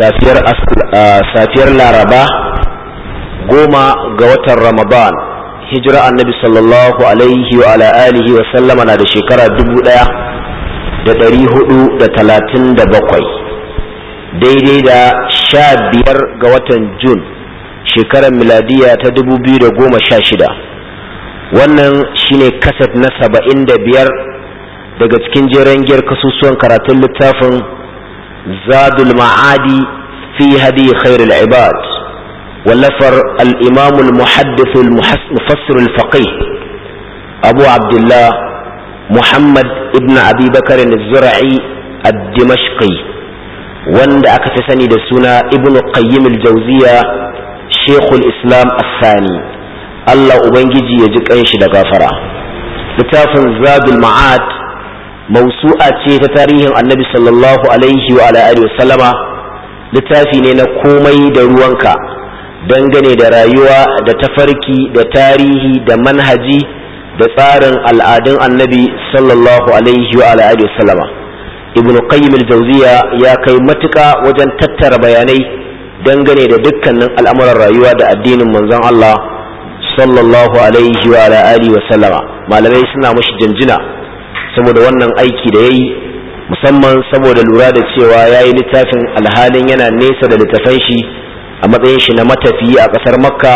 safiyar laraba goma ga watan ramadan hijira annabi sallallahu alaihi wa ala alihi wa sallama na da shekara dubu ɗaya da dari hudu da talatin da bakwai daidai da sha biyar ga watan jun shekarar miladiya ta dubu biyu da goma sha shida wannan shine kaset na saba'in da biyar daga cikin jeren giyar kasusuwan karatun littafin زاد المعادي في هدي خير العباد ولفر الإمام المحدث المفسر الفقيه أبو عبد الله محمد ابن أبي بكر الزرعي الدمشقي وند أكتسني دسنا ابن القيم الجوزية شيخ الإسلام الثاني الله أبنجي يجيك أنش دقافرة كتاب زاد المعاد mausu'a ce ta tarihin annabi sallallahu alaihi wa wa littafi ne na komai da ruwanka dangane da rayuwa da tafarki da tarihi da manhaji da tsarin al'adun annabi sallallahu alaihi wa alihi sallama ibnu qayyim al-jawziya ya kai matuka wajen tattara bayanai dangane da dukkanin al'amuran rayuwa da addinin manzon Allah sallallahu alaihi wa alihi sallama malamai suna mashi jinjina saboda wannan aiki da yayi musamman saboda lura da cewa ya yi littafin alhalin yana nesa da littafan shi a matsayin shi na matafiyi a ƙasar makka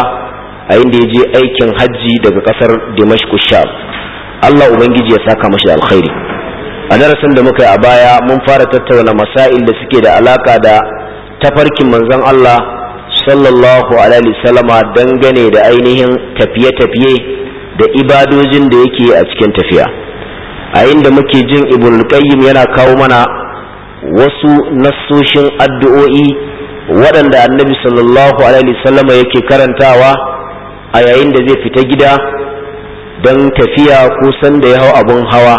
a inda ya je aikin hajji daga ƙasar dimashku sham allah ubangiji ya saka mashi da alkhairi a darasin da muka yi a baya mun fara tattauna masail da suke da alaka da tafarkin manzon allah sallallahu alaihi salama dangane da ainihin tafiye-tafiye da ibadojin da yake a cikin tafiya a inda muke jin ibn qayyim yana kawo mana wasu nassoshin addu'o'i waɗanda annabi sallallahu alaihi yake karantawa a yayin da zai fita gida don tafiya ko sanda ya hau abin hawa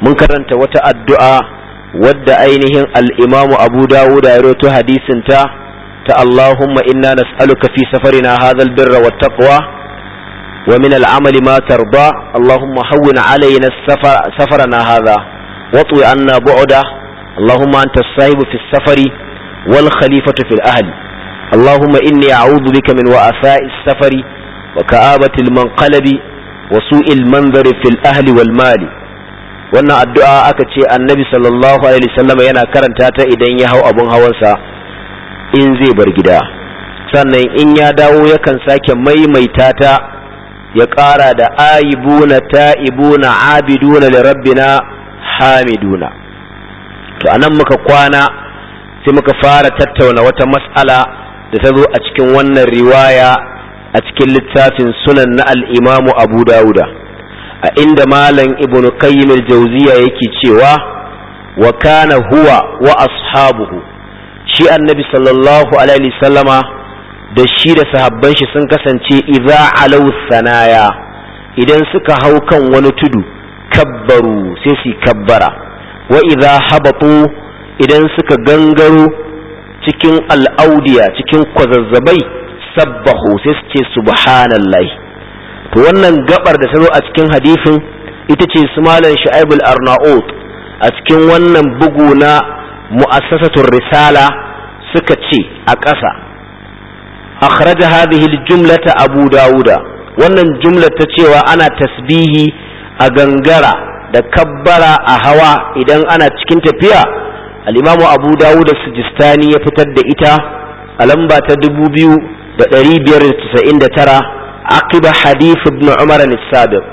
mun karanta wata addu'a wadda ainihin al'imamu abu dawuda ya roto hadisinta ta allahumma inna nas'aluka fi safarina hadha albirra wat taqwa ومن العمل ما ترضى اللهم هون علينا السفر سفرنا هذا واطوي عنا بعده اللهم أنت الصاحب في السفر والخليفة في الأهل اللهم إني أعوذ بك من وأثاء السفر وكآبة المنقلب وسوء المنظر في الأهل والمال wannan addu'a aka ce annabi sallallahu alaihi wasallam yana karanta ta idan ya hau abun hawansa in zai bar gida sannan in ya dawo yakan sake maimaita ta ya ƙara da aibuna ta'ibuna abiduna da rabbina hamiduna to anan muka kwana sai muka fara tattauna wata mas'ala da ta zo a cikin wannan riwaya a cikin littafin sunan na al Abu dauda. a inda malam Ibn Qayyim al-Jawziya yake cewa wa kana huwa wa ashabuhu shi annabi sallallahu alaihi sallama da shi da sahabban shi sun kasance idza alau sanaya idan suka hau kan wani tudu kabbaru sai su kabbara wa idza habatu idan suka gangaro cikin al'audiya cikin kwazazzabai sabbahu sai su ce subhanallahi to wannan gabar da ta zo a cikin hadisin ita ce su malam shu'aibul arnaut a cikin wannan bugu na mu'assasatul risala suka ce a ƙasa akhraja hadhihi al-jumlata abu dauda wannan jumla ta cewa ana tasbihi a gangara da kabbara a hawa idan ana cikin tafiya alimamu abu dauda sijistani ya fitar da ita a lamba ta 2599 aqiba hadith ibn umar al-sabiq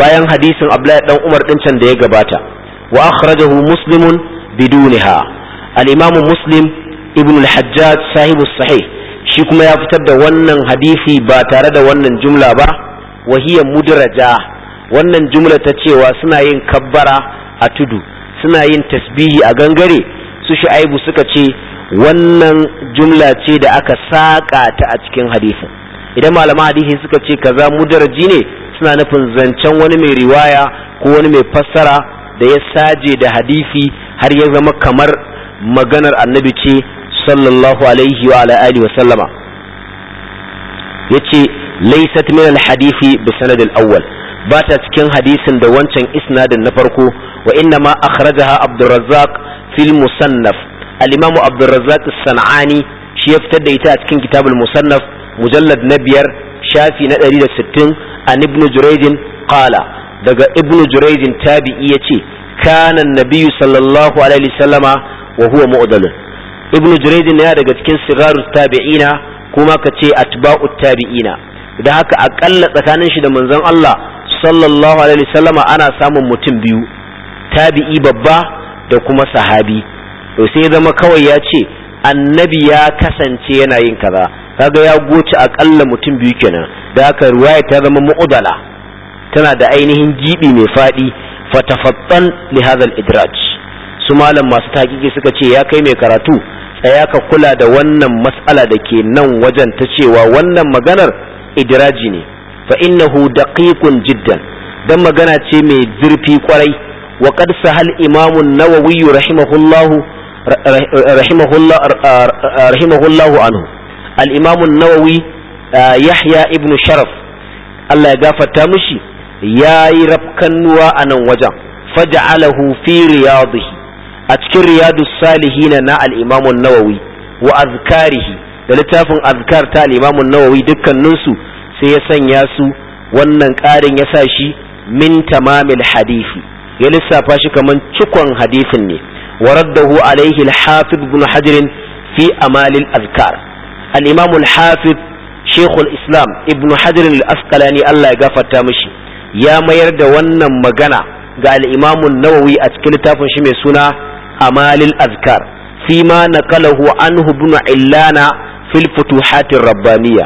bayan hadisin abdullahi dan umar din can da ya gabata wa akhrajahu muslimun bidunha al-imam muslim ibn al-hajjaj sahibu sahih shi kuma ya fitar da wannan hadisi ba tare da wannan jumla ba wahiyar mudraja wannan jumla ta cewa suna yin kabbara a tudu suna yin tasbihi a gangare su shu'aibu suka ce wannan jumla ce da aka saƙa ta a cikin hadisin idan malaman hadisi suka ce kaza mudaraji ne suna nufin zancen wani mai riwaya ko wani mai fassara da ya saje da hadisi har ya zama kamar maganar annabi ce sallallahu alaihi wa ala alihi wa sallama yace laysat min al-hadisi bi sanad al-awwal ba ta cikin hadisin da wancan isnadin na farko wa inna ma akhrajaha Abdurrazzaq fil musannaf al-imam Abdurrazzaq as-San'ani shi ya fitar da ita a cikin kitabul musannaf mujallad na biyar shafi na 160 an ibnu Jurayj qala daga ibnu Jurayj tabi'i yace kana an nabiyyu sallallahu alaihi wasallama wa huwa mu'dalun ibnu juraidin na daga cikin sirarus tabi'ina kuma ka ce atba'u tabi'ina da haka akalla tsakanin shi da manzon Allah sallallahu alaihi wasallama ana samun mutum biyu tabi'i babba da kuma sahabi to sai zama kawai ya ce annabi ya kasance yana yin kaza kaga ya goce akalla mutum biyu kenan da haka riwaya ta zama mu'udala tana da ainihin gibi mai fadi fatafattan li hadha al-idraj su malam masu taƙiƙi suka ce ya kai mai karatu tsaya ka kula da wannan mas'ala da ke nan wajen ta cewa wannan maganar idiraji ne fa innahu daqiqun jiddan dan magana ce mai zurfi kwarai wa qad sahal imam an-nawawi rahimahullahu rahimahullahu anhu al-imam an-nawawi yahya ibn sharaf Allah ya gafarta mishi yayi rafkannuwa a nan wajen faj'alahu fi riyadihi a cikin riyadu salihin na al-imam nawawi wa azkarihi da littafin azkar ta al nawawi dukkaninsu sai ya sanya su wannan ƙarin ya sa shi min tamamil hadisi ya lissafa shi kaman cikon hadisin ne wa raddahu alaihi al-hafiz ibn hajar fi amalil azkar al-imam al-hafiz shaykhul islam ibn hajar al-asqalani Allah ya gafarta mishi ya mayar da wannan magana ga al-imam an-nawawi a cikin littafin shi mai suna amalil azkar fima naqalahu anhu ibn illana fil futuhatir rabbaniya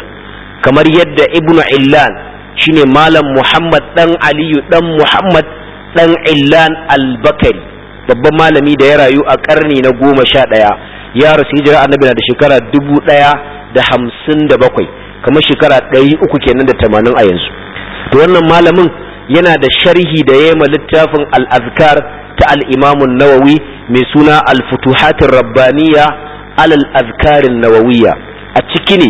kamar yadda ibnu illan shine malam muhammad ɗan aliyu ɗan muhammad ɗan illan albakari bakari babban malami da ya rayu a karni na goma sha ɗaya ya rasu hijira annabi na da shekara dubu ɗaya da hamsin da bakwai kamar shekara ɗari uku kenan da tamanin a yanzu to wannan malamin yana da sharhi da ya ma littafin al-azkar ta al'imamun nawawi mai suna alfutuhatin rabbaniya alal azkarin nawawiya a ciki ne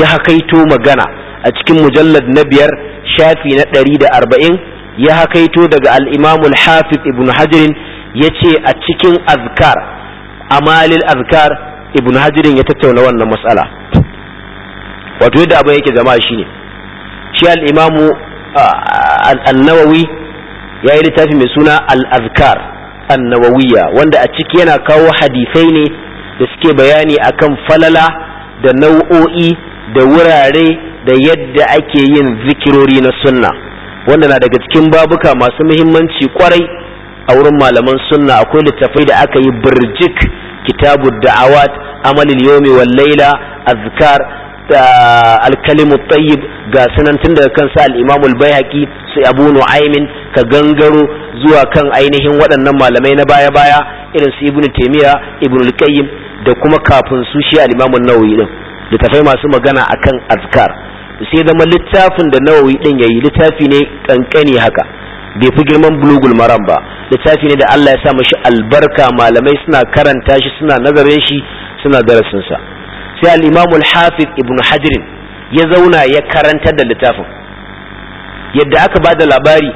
ya hakaito magana a cikin mujallad na biyar shafi na ɗari da arba'in ya hakaito daga al'imamul hafiz ibn hajirin ya ce a cikin azkar amalil azkar ibn hajirin ya tattauna wannan matsala wato yadda abin yake jama'a shine shi al'imamu annawawi ya yi littafi mai suna al-azkar annawawiyya wanda a ciki yana kawo hadisai ne da suke bayani akan falala da nau'o'i da wurare da yadda ake yin zikirori na sunna wanda na daga cikin babuka masu muhimmanci kwarai a wurin malaman sunna akwai littafai da aka yi birjik kitabu da'awat amalin, yomi wal laila azkar alkalimu tayyib ga sunan tun daga kansa al-imamu al-bayhaqi su abu nu'aymin ka gangaro zuwa kan ainihin waɗannan malamai na baya-baya irin su ibnu taymiya ibnu al-qayyim da kuma kafin su shi al-imamu an-nawawi din littafai masu magana akan azkar sai zama littafin da nawawi din yayi littafi ne kankani haka bai fi girman bulugul maram ba littafi ne da Allah ya sa mashi albarka malamai suna karanta shi suna nazarin shi suna darasin sa sai al hafiz ibn hajar ya zauna ya karantar da littafin yadda aka ba da labari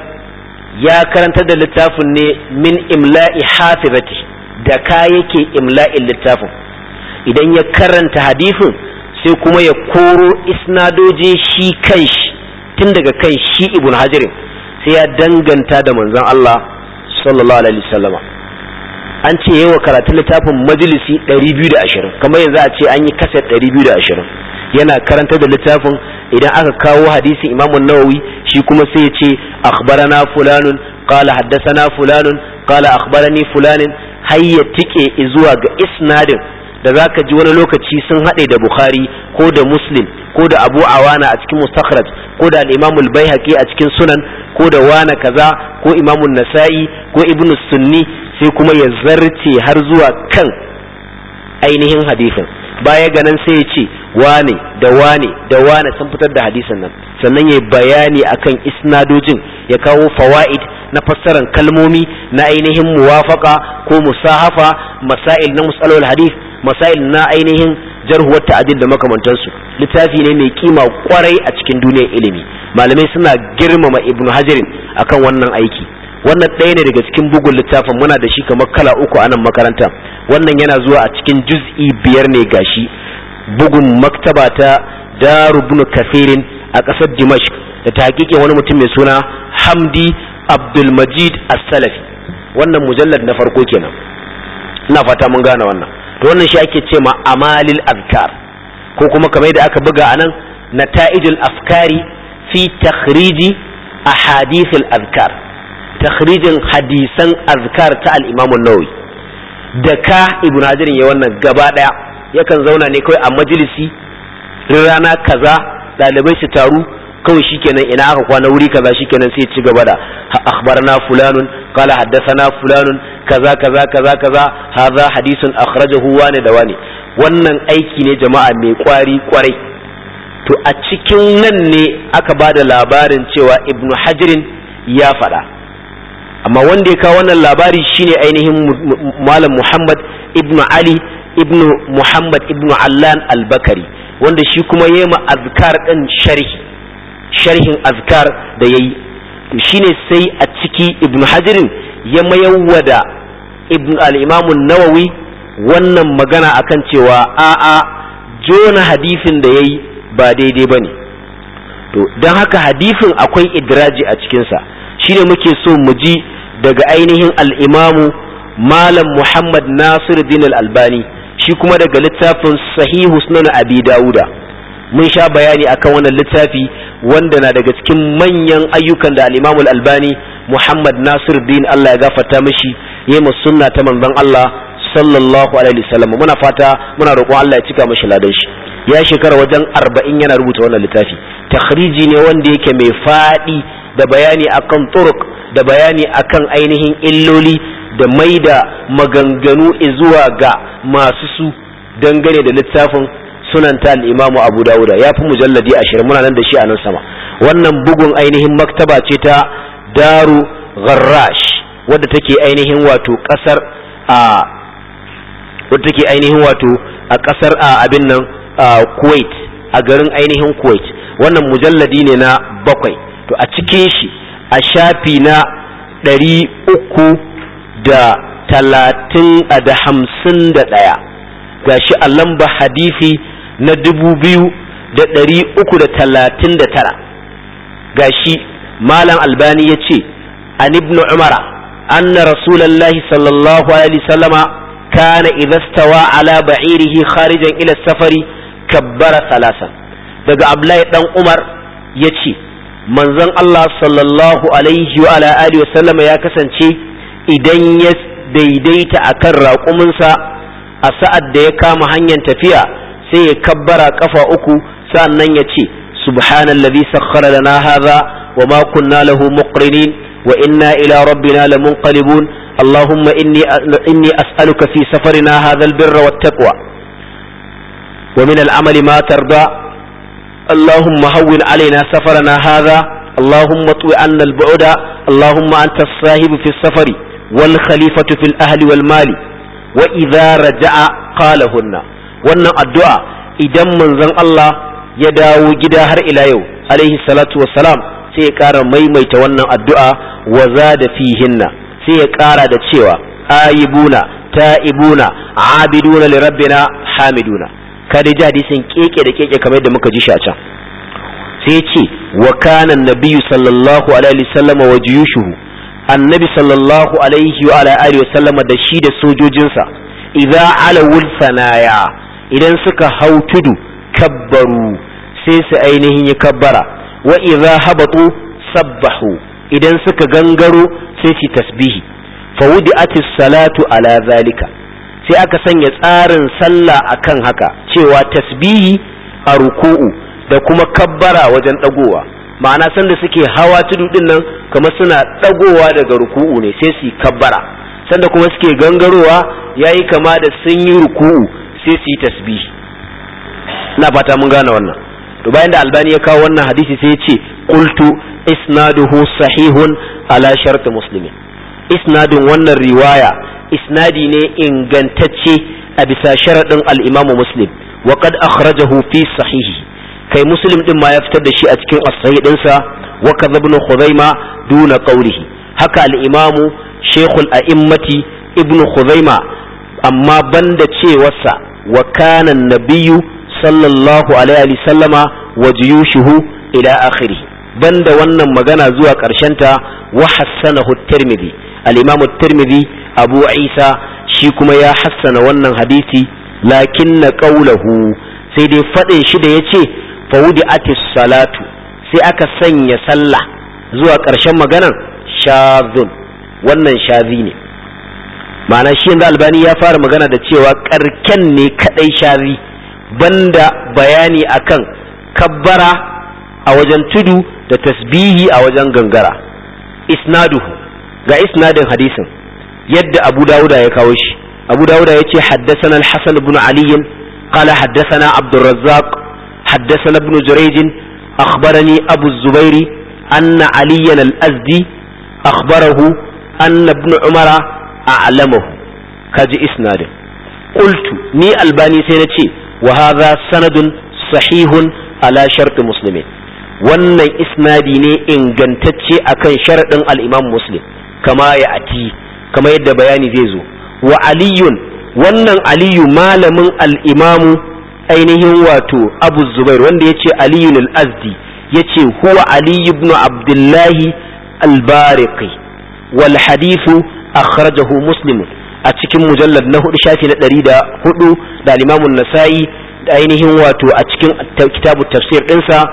ya karantar da littafin ne min imla'i hafizati da ka yake imla'in littafin idan ya karanta hadisin sai kuma ya koro isnadoji shi kanshi tun daga kan shi ibn hajar sai ya danganta da manzon Allah sallallahu alaihi wasallama an ce yawa karatun littafin majalisi 220 kamar yanzu a ce an yi kaset 220 yana karanta da littafin idan aka kawo hadisi imamun nawawi shi kuma sai ya ce akhbarana fulanun qala haddathana fulanun qala akhbarani fulanin har ya tike zuwa ga isnadin da zaka ji wani lokaci sun haɗe da bukhari ko da muslim ko da abu awana a cikin mustakhraj ko da al-imamu al-baihaqi a cikin sunan ko da wana kaza ko imamun nasa'i ko ibnu sunni sai kuma ya zarce har zuwa kan ainihin hadisin baya ga nan sai ya ce wane da wane da wane sun fitar da hadisin nan sannan ya bayani akan isnadojin ya kawo fawaid na fassarar kalmomi na ainihin muwafaka ko musahafa masail na musalol hadis masail na ainihin jarhuwar ta'adil da makamantansu littafi ne mai kima kwarai a cikin duniyar ilimi malamai suna girmama ibnu hajarin akan wannan aiki wannan ɗaya ne daga cikin bugun littafin muna da shi kamar kala uku a nan makaranta wannan yana zuwa a cikin juz'i biyar ne gashi bugun maktaba ta daru kafirin a ƙasar dimashq da ta wani mutum mai suna hamdi abdulmajid as-salafi wannan mujallad na farko kenan ina fata mun gane wannan to wannan shi ake ce ma amalil azkar ko kuma kamar da aka buga anan nata'ijul afkari fi takhriji ahadithul azkar takhrijin hadisan azkar ta al-Imam an-Nawawi da ka Ibn Hajar ya wannan gaba daya yakan zauna ne kawai a majalisi rana kaza dalibai su taru kawai shikenan ina aka kwana wuri kaza shikenan sai ci gaba da akhbarana fulanun qala haddathana fulanun kaza kaza kaza kaza hadha hadithun akhrajahu wani da wani wannan aiki ne jama'a mai kwari kwarai to a cikin nan ne aka ba da labarin cewa ibnu hajirin ya faɗa amma wanda ya kawo wannan labari shine ainihin malam Muhammad ibnu Ali ibnu Muhammad ibnu Allan albakari wanda shi kuma yayi ma azkar ɗin sharhi sharhin azkar da yayi shine sai a ciki ibnu Hajarin ya mayawada ibnu al-Imam nawawi wannan magana akan cewa a'a jona hadisin da yayi ba daidai bane to don haka hadisin akwai idraji a cikinsa shine muke so mu ji daga ainihin al'imamu malam muhammad nasir din albani shi kuma daga littafin sahihu sunan abi dawuda mun sha bayani akan wannan littafi wanda na daga cikin manyan ayyukan da al'imamu albani muhammad nasir din allah ya gafarta mishi ya yi sunna ta manzon allah sallallahu alaihi wasallam muna fata muna roƙon allah ya cika mashi ladan shi ya shekara wajen arba'in yana rubuta wannan littafi takhriji ne wanda yake mai faɗi da bayani akan turuk da bayani akan ainihin illoli da maida maganganu zuwa ga masu su dangane da littafin sunanta al'imamu abu dawuda ya fi mujalladi ashirin muna nan da shi a nan sama wannan bugun ainihin maktaba ce ta daru gharrash wadda take ainihin wato kasar a wadda take ainihin wato a kasar a abin nan kuwait a garin ainihin kuwait wannan mujalladi ne na bakwai to a cikin shi a shafi na ɗari uku da talatin da hamsin da ɗaya gashi a lamba hadisi na dubu biyu da ɗari uku da talatin da tara gashi malam albani ya ce an ibnu umara anna rasulallahi sallallahu alaihi sallama kana idza stawa ala ba'irihi kharijin ila safari kabbara salasan daga abdullahi ɗan umar ya ce manzon Allah sallallahu alaihi wa ala alihi wasallama ya kasance idan ya daidaita akan raƙuminsa a sa'ad da ya kama hanyar tafiya sai ya kabbara kafa uku sannan ya ce subhanallazi sakhkhara lana hadha wa ma kunna lahu muqrinin wa inna ila rabbina lamunqalibun allahumma inni inni as'aluka fi safarina hadha albirra wattaqwa wa min amali ma tarda اللهم هون علينا سفرنا هذا اللهم اطوي عنا البعد اللهم انت الصاحب في السفر والخليفة في الاهل والمال واذا رجع قالهن وانا الدعاء idan manzon Allah ya dawo gida har ila yau alaihi salatu wassalam sai ya ƙara maimaita wannan addu'a wa za da fihinna sai ya ƙara da cewa ayibuna ta'ibuna abiduna li rabbina hamiduna ka dai ji hadisin keke da keke kamar yadda muka ji shi a can sai ce wa kana nabiyyu sallallahu alaihi wasallama wa jiyushuhu annabi sallallahu alaihi wa alihi wasallama da shi da sojojinsa idza alawul idan suka hau tudu kabbaru sai su ainihin yi kabbara wa idza habatu sabbahu idan suka gangaro sai su tasbihi fa wudi salatu ala zalika sai aka sanya tsarin sallah akan haka cewa tasbihi a ruku'u da kuma kabbara wajen dagowa ma'ana sanda suke hawa tudu din nan kamar suna dagowa daga ruku'u ne sai su kabbara sanda kuma suke gangarowa yayi kama da sun yi ruku'u sai su yi tasbihi ina fata mun gane wannan to bayan da albani ya kawo wannan hadisi sai ya ce qultu isnaduhu sahihun ala shart muslimin isnadin wannan riwaya isnadi ne ingantacce a bisa sharaɗin al'imamu muslim wa qad fi sahihi kai muslim ɗin ma ya fitar da shi a cikin asahi ɗinsa dinsa wa khuzaima duna qawlihi haka al-imamu shaykhul a'immati ibnu khuzaima amma banda cewarsa wa kana nabiyyu sallallahu alaihi wa sallama wa juyushuhu ila akhiri banda wannan magana zuwa ƙarshenta wa hassanahu tirmidhi Alimamu imam at-tirmidhi abu isa shi kuma ya hassana wannan hadisi lakin na qawluhu sai dai fadin shi da yace wudi atis salatu sai aka sanya sallah zuwa ƙarshen maganar shazun wannan shazi ne ma'ana shi yanzu albani ya fara magana da cewa karken ne kadai shazi banda bayani akan kabbara a wajen tudu da tasbihi a wajen gangara isnaduhu ga isnadin hadisin yadda abu dawuda ya kawo shi abu dawuda ya ce haddasana al-hasan ibn ali qala haddasana abdurrazzaq haddasana ibn jurayj akhbarani abu zubairi anna aliyan al-azdi akhbarahu anna ibn umara a'lamahu kaji isnadin qultu ni albani sai nace wa hadha sanadun sahihun ala shart muslimin wannan isnadi ne ingantacce akan sharadin al-imam muslim kama ya ati kama yadda bayani zai zo wa aliyun wannan aliyu malamin al'imamu ainihin wato abu zubair wanda ya ce aliyun al'azdi ya ce huwa aliyu ibn abdullahi al-bariqi wal hadithu akhrajahu a cikin mujallar na hudu shafi na ɗari da hudu da limamun nasa'i da ainihin wato a cikin kitabu tafsir ɗinsa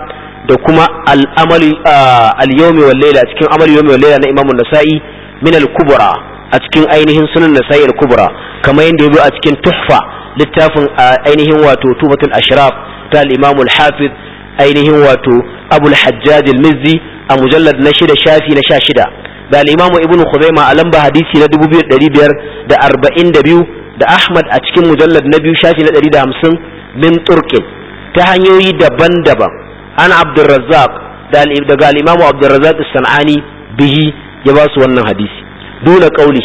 da kuma al-amali al-yawmi wal layla cikin amali yawmi wal layla na Imam nasai min al-kubra a cikin ainihin sunan Nasa'i al-kubra kamar yadda yazo a cikin Tuhfa littafin ainihin wato Tubatul Ashraf ta al-Imam al-Hafiz ainihin wato Abu al-Hajjaj al-Mizzi a mujallad na shida shafi na sha shida da al-Imam Ibn Khuzaima a lamba hadisi na 2542 da Ahmad a cikin mujallad na biyu shafi na 150 min turkin ta hanyoyi daban-daban an abdurrazzaq daga al'imamu abdurrazzaq san'ani bihi ya ba su wannan hadisi Duna kauli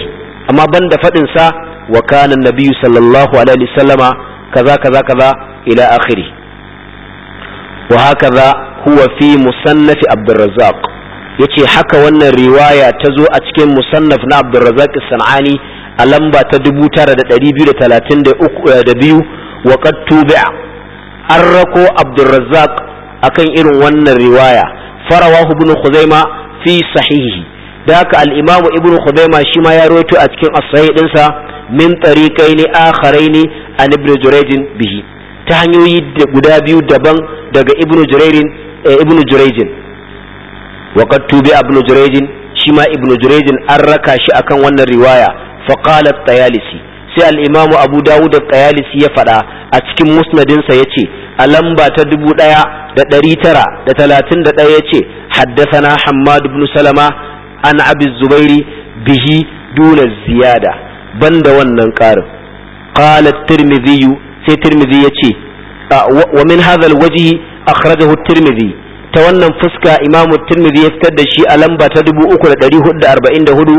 amma ban da faɗin sa wa kana nabiyyu sallallahu alaihi wasallama kaza kaza kaza ila akhiri wa hakaza huwa fi musannafi abdurrazzaq yace haka wannan riwaya ta zo a cikin musannaf na abdurrazzaq san'ani a lamba ta 9233 wa qad tubi'a an rako abdurrazzaq akan irin wannan riwaya farawahu ibn khuzaima fi sahihi da haka al-imam ibn khuzaima shi ma ya rawaito a cikin as-sahih dinsa min tariqaini akharaini an ibn jurayj bihi ta hanyoyi guda biyu daban daga ibn jurayj eh, ibn jurayj wa qad tubi ibn jurayj shi ma ibn jurayj an raka shi akan wannan riwaya fa qala at-tayalisi sai al'imamu abu dawud da kayalisi ya faɗa a cikin musnadinsa ya ce a lamba ta dubu ɗaya da ɗari tara da talatin da ɗaya ya ce haddasana hammad ibn salama an abi zubairi bihi dole ziyada da wannan ƙarin qala tirmidhi sai tirmidhi ya ce wa min hadha alwajhi akhrajahu tirmidhi ta wannan fuska imamu tirmidhi ya fitar da shi a lamba ta dubu uku da hudu da arba'in da hudu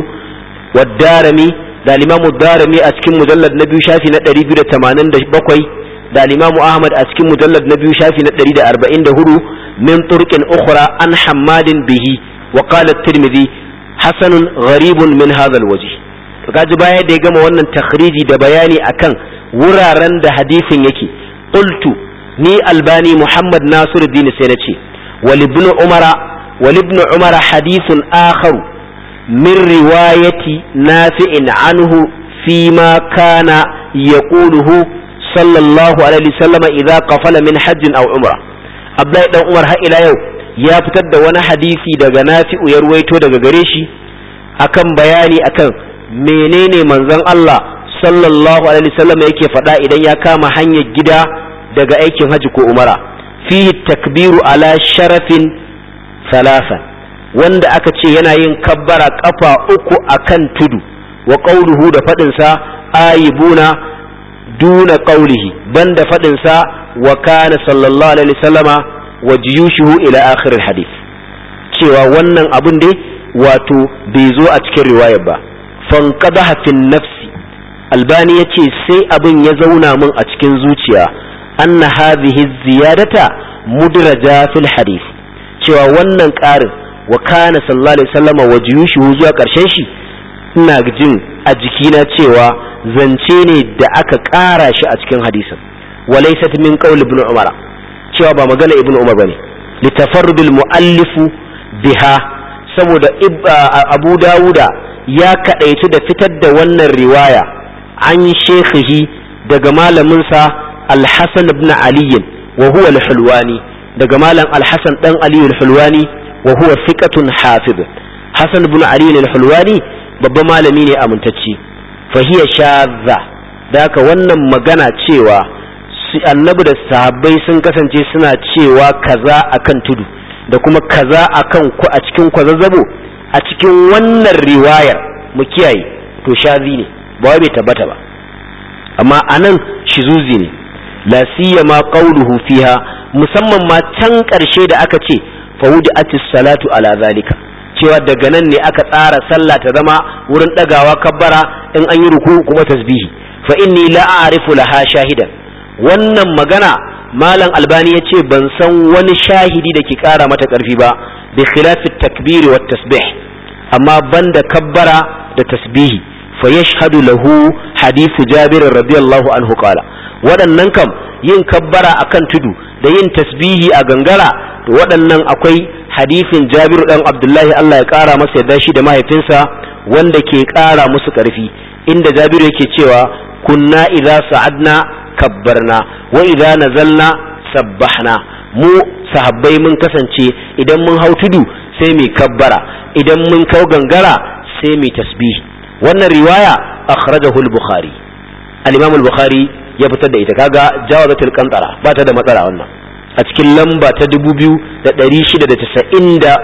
wa darami da limamu darimi a cikin mujallad na biyu shafi na 287 da limamu ahmad a cikin mujallad na biyu shafi na 144 min turqin ukhra an hammadin bihi wa qala tirmidhi hasanun gharibun min hadha waje. to kaji baya da ya gama wannan takhriji da bayani akan wuraren da hadisin yake qultu ni albani muhammad nasiruddin sai nace wal ibn umara wal ibn umara hadithun akharu min riwayati nafi'in anhu fi ma kana yaquluhu sallallahu alaihi Iza ka qafala min hajjin aw umra Abdullahi ɗan Umar har ila yau ya fitar da wani hadisi daga Nafi'u ya ruwaito daga gare shi akan bayani akan menene manzon Allah sallallahu alaihi wasallam yake faɗa idan ya kama hanyar gida daga aikin hajji ko umara fihi takbiru ala sharafin salasan wanda aka ce yana yin kabbara kafa uku akan tudu wa qauluhu da fadin sa ayibuna duna qaulihi banda fadin sa wa kana sallallahu alaihi wasallama wa jiyushuhu ila akhir alhadith cewa wannan abun dai wato bai zo a cikin riwayar ba fanqadaha fi nafsi albani yace sai abin ya zauna min a cikin zuciya anna hadhihi ziyadata mudraja fil hadith cewa wannan ƙarin wa kana sallallahu alaihi wasallama wajiyushu zuwa karshen shi ina jin a jikina cewa zance ne da aka ƙara shi a cikin hadisin Walaisat min qawl ibn umar cewa ba magana ibn umar bane litafarrudul muallifu biha saboda abu dawuda ya kadaici da fitar da wannan riwaya an shekhihi daga malaminsa Alhassan hasan ibn ali wa huwa daga malam Alhassan dan Aliyu al wa huwa thiqatun hafiz hasan ibn ali al-hulwani babban malami ne amintacci fa hiya shadha daka wannan magana cewa annabi da sahabbai sun kasance suna cewa kaza akan tudu da kuma kaza akan ku a cikin kwazazzabo a cikin wannan riwayar mu kiyaye to shazi ne ba wai bai tabbata ba amma anan shizuzi ne la siyama qawluhu fiha musamman ma can karshe da aka ce fawudi atis salatu ala zalika cewa daga nan ne aka tsara sallah ta zama wurin dagawa kabbara in an yi ruku kuma tasbihi fa inni la a'rifu laha shahidan wannan magana malam albani ya ce ban san wani shahidi da ke kara mata karfi ba bi khilafi takbiri wa tasbih amma banda kabbara da tasbihi fa yashhadu lahu hadithu jabir radiyallahu anhu qala waɗannan kam yin kabbara akan tudu da yin tasbihi a gangara to waɗannan akwai hadisin jabiru ɗan abdullahi allah ya ƙara masa yadda shi da mahaifinsa wanda ke ƙara musu ƙarfi inda jabiru yake cewa kunna idza sa'adna kabbarna wa idza nazalna sabbahna mu sahabbai mun kasance idan mun hau tudu sai mu kabbara idan mun kau gangara sai mu tasbihi wannan riwaya akhrajahu al-bukhari al-imam al-bukhari ya fitar da ita kaga jawazatul qantara ba ta da matsala wannan a cikin lamba ta 2693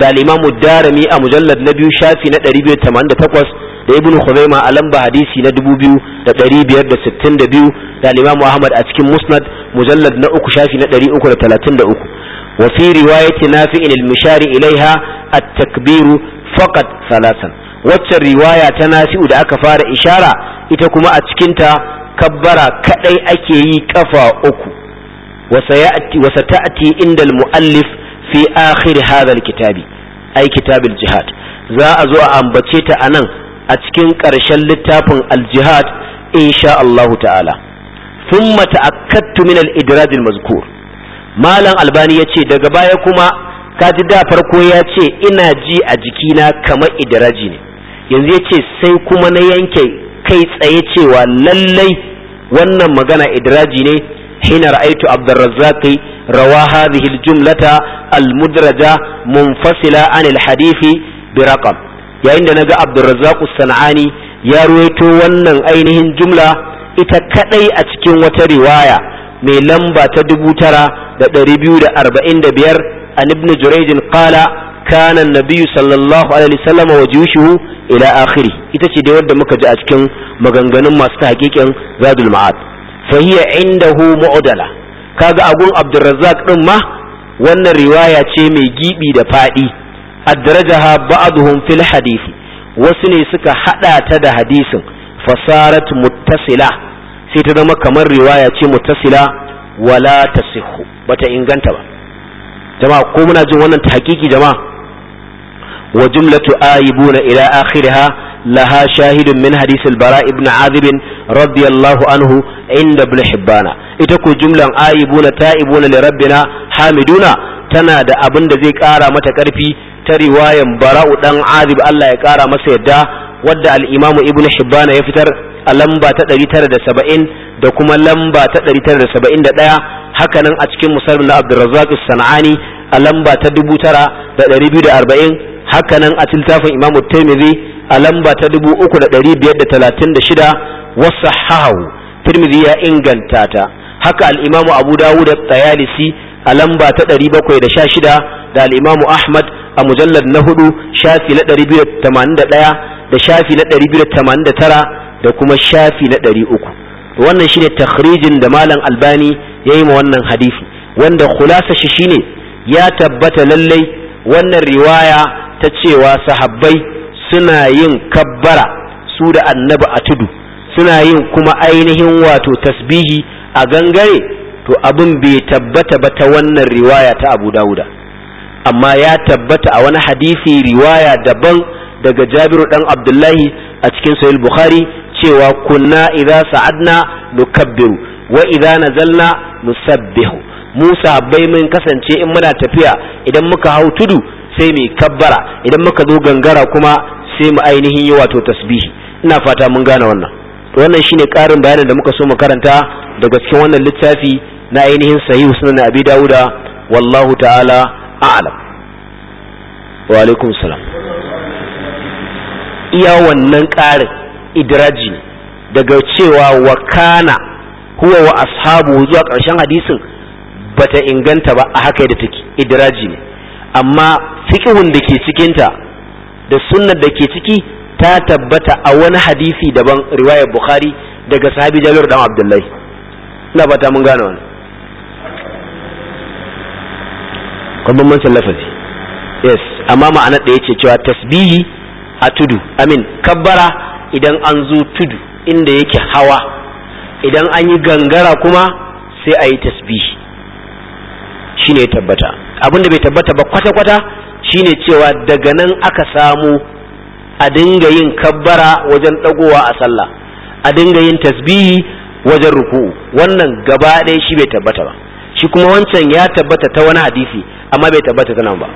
da al-Imam Darimi a mujallad na biyu shafi na 288 da Ibn Khuzaimah a lamba hadisi na 2562 da al-Imam Ahmad a cikin Musnad mujallad na uku shafi na 333 wa fi riwayati nafi'in al-mishari ilaiha at-takbiru faqat thalathan waccan riwaya ta nafi'u da aka fara ishara ita kuma a cikinta kabbara kadai ake yi kafa uku wasa ta'ati inda muallif fi akhir hadha al-kitabi ai kitab Jihad, za a zo a ambace ta anan a cikin ƙarshen littafin al-jihad insha Allah ta'ala thumma ta'akkadtu min al-idraj al-mazkur malam albani yace daga baya kuma kaji da farko ya ce ina ji a jikina kamar idraji ne yanzu yace sai kuma na yanke kai tsaye cewa lallai wannan magana idraji ne hina ra'aitu abdurrazzaq rawa hadhihi aljumlata almudraja munfasila an alhadith bi raqam yayin da naga abdurrazzaq sanani ya ruwaito wannan ainihin jumla ita kadai a cikin wata riwaya mai lamba ta dubu tara da ɗari da arba'in da biyar an ibn jurayj qala kana nabiyyu sallallahu alaihi wasallam wa jushuhu ila akhiri ita ce dai wadda muka ji a cikin maganganun masu tahqiqin zadul ma'ad fa hiya indahu mu'dala kaga agun abdurrazzaq ɗin ma wannan riwaya ce mai gibi da fadi addarajaha ba'dhum fil hadisi wasu ne suka hada ta da hadisin fasarat muttasila sai ta zama kamar riwaya ce muttasila wala tasihhu bata inganta ba jama'a ko muna jin wannan tahqiqi jama'a wa jumlatu ayibuna ila akhiriha laha shahidun min hadith al-bara ibn azib radiyallahu anhu inda ibn hibbana ita ko jumlan ayibuna ta'ibuna li rabbina hamiduna tana da abin da zai kara mata karfi ta riwayan bara'u dan azib Allah ya kara masa yadda wadda al-imam ibn hibbana ya fitar a lamba ta 970 da kuma lamba ta 971 hakanan a cikin musalmin na abdurrazzaq sana'ani a lamba ta dubu tara da ɗari biyu da arba'in hakanan a tiltafin Imam Tirmidhi a lamba ta 3536 wasahahu Tirmidhi ya inganta ta haka al'imamu Abu Dawud da tayalisi a lamba ta 716 da al-Imam Ahmad a mujallar na hudu shafi na 281 da shafi na 289 da kuma shafi na 300 wannan shine takhrijin da malam Albani yi ma wannan hadisi wanda khulasa shi shine ya tabbata lallai wannan riwaya ta cewa sahabbai suna yin kabbara su da annabi a tudu suna yin kuma ainihin wato tasbihi a gangare to abin bai tabbata ba ta wannan riwaya ta abu dawuda amma ya tabbata a wani hadisi riwaya daban daga jabiru dan abdullahi a cikin sahih bukhari cewa kunna idza sa'adna nukabbiru wa idza nazalna nusabbihu mu sahabbai mun kasance in muna tafiya idan muka hau tudu sai mai kabbara idan muka zo gangara kuma sai mu ainihin yi wato tasbihi ina fata mun gane wannan wannan shine karin bayanin da muka so mu karanta daga cikin wannan littafi na ainihin sahihu sunan abi dauda wallahu ta'ala a'lam wa alaikum salam iya wannan karin idraji daga cewa wa kana huwa wa ashabu zuwa karshen hadisin bata inganta ba a haka da take idraji ne amma fiqhun da ke cikinta da sunnar da ke ciki ta tabbata a wani hadisi daban riwayar bukhari daga sahabi jalur dan abdullahi ina fata mun gane wannan kuma mun lafazi yes amma ma'anar da yace cewa tasbihi a tudu amin kabbara idan an zo tudu inda yake hawa idan an yi gangara kuma sai a yi tasbihi shine ya tabbata abinda bai tabbata ba kwata-kwata shine cewa daga nan aka samu a dinga yin kabbara wajen dagowa a sallah a dinga yin tasbihi wajen ruku, wannan gaba ɗaya shi bai tabbata ba shi kuma wancan ya tabbata ta wani hadisi amma bai tabbata ta nan ba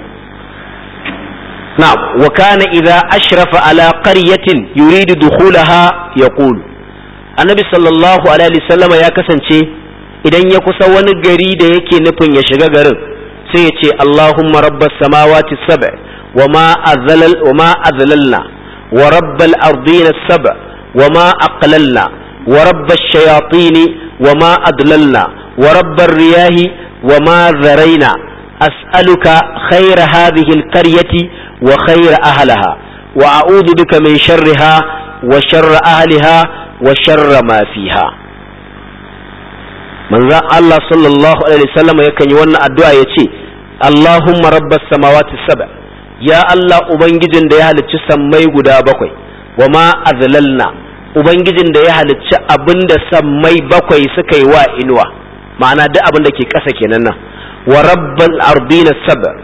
na'am wa kana idza ashrafa ala qaryatin yuridu dukhulaha yaqul annabi sallallahu alaihi wasallama ya kasance idan ya kusa wani gari da yake nufin ya shiga garin sai ya ce Allahumma rabbas samawati sab' wa ma azlal wa ma azlalna wa rabbal ardina sab' wa aqlalna wa rabbash shayatin wa adlalna wa rabbar riyahi wa ma zaraina as'aluka khayra hadhihi alqaryati wa khayra ahliha wa a'udhu bika min sharriha wa sharri ahliha wa sharra ma fiha manzan Allah sallallahu alaihi wasallam yakan yi wannan addu'a ya ce Allahumma rabbas samawati saba ya Allah ubangijin da ya halicci sammai guda bakwai wa ma azlalna ubangijin da ya halicci abinda sammai bakwai suka yi wa inuwa ma'ana duk abinda ke kasa kenan nan wa rabbal ardina saba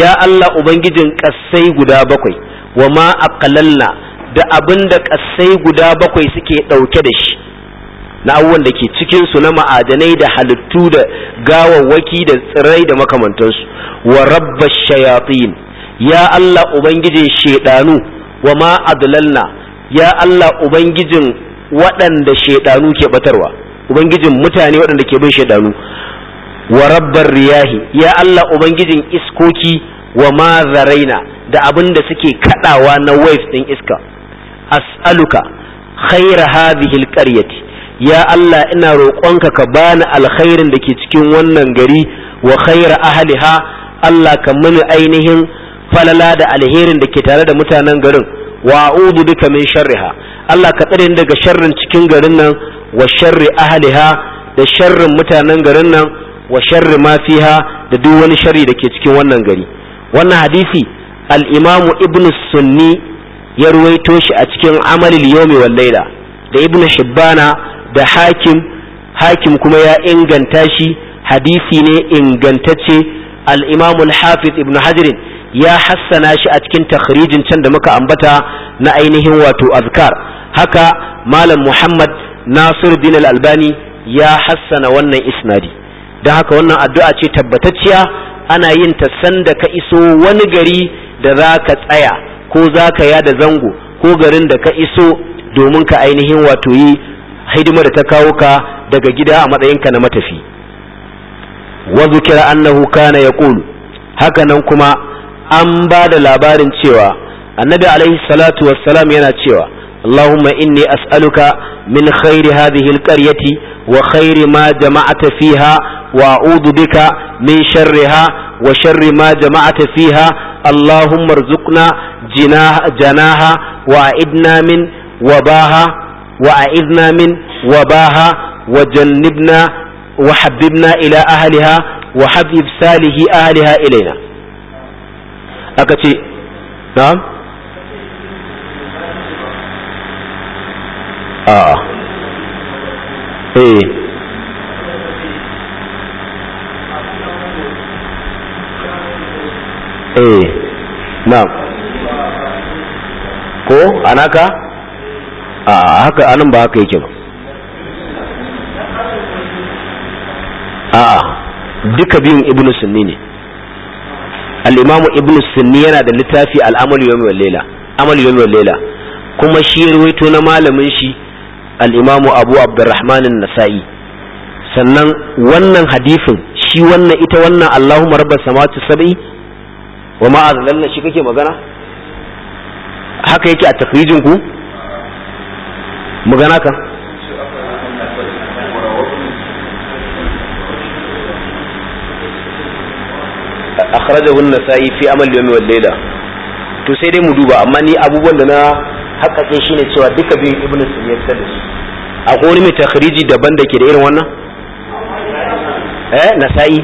ya Allah ubangijin kasai guda bakwai wa ma aqlalna da abinda kasai ƙasai guda bakwai suke ɗauke da shi na abubuwan da ke cikinsu na ma'adanai da halittu da gawawwaki da tsirrai da makamantansu wa rabba shayatin ya Allah ubangijin shaidanu wa ma adlalna ya Allah ubangijin waɗanda shaidanu ke batarwa ubangijin mutane waɗanda ke bin shaidanu wa rabbar riyahi ya Allah ubangijin iskoki wa ma zaraina da abin da suke kadawa na waves din iska as'aluka khaira hadhihi alqaryati ya Allah ina roƙonka ka bani alkhairin da ke cikin wannan gari wa khaira ahliha Allah ka mini ainihin falala da alherin da ke tare da mutanen garin wa a'udhu bika min sharriha Allah ka tsare ni daga sharrin cikin garin nan wa sharri ahliha da sharrin mutanen garin nan wa sharri ma fiha da duk wani sharri da ke cikin wannan gari wannan hadisi al-imamu ibnu sunni ya ruwaito shi a cikin amalil yawmi wal laila da ibnu shibbana da hakim hakim kuma ya inganta shi hadisi ne ingantacce al-imam al-hafiz ibn hajar ya hassana shi a cikin takhrijin can da muka ambata na ainihin wato azkar haka malam muhammad nasir bin al-albani ya hassana wannan isnadi da haka wannan addu'a ce tabbatacciya ana yin ta sanda ka iso wani gari da za ka tsaya ko za ka yada zango ko garin da ka iso domin ka ainihin wato yi hidima da ta kawo ka daga gida a matsayinka na matafi wanzu kira annahu kana ya ƙulu hakanan kuma an ba da labarin cewa annabi alaihi salatu wassalam yana cewa allahumma inni as'aluka min khairi hadhihi alqaryati wa khairi ma jama'ata fiha wa a'udhu bika min sharriha wa sharri ma jama'ata fiha allahumma arzuqna jana'ha wa idna min wabaha wa a'idna min wa baha wa jannibna wa habibna ila ahliha wa habib salihi ahliha ilaina akace na'am a haka anan ba haka yake ba a duka biyun ibnu sunni ne al-imamu ibnu sunni yana da littafi al-amal yawmi wal layla amal yawmi wal layla kuma shi ruwaito na malamin shi al-imamu abu abdurrahman an-nasa'i sannan wannan hadisin shi wannan ita wannan Allahumma rabbas samawati sab'i wa ma'a azlalna shi kake magana haka yake a tafrijin ku mu gana ka akhrajahu an-nasa'i fi amal yawmi wal layla to sai dai mu duba amma ni abubuwan da na haƙaƙe shine cewa duka biyun ibn sunniyyah ta da su akwai wani mai takhriji daban da ke da irin wannan eh nasa'i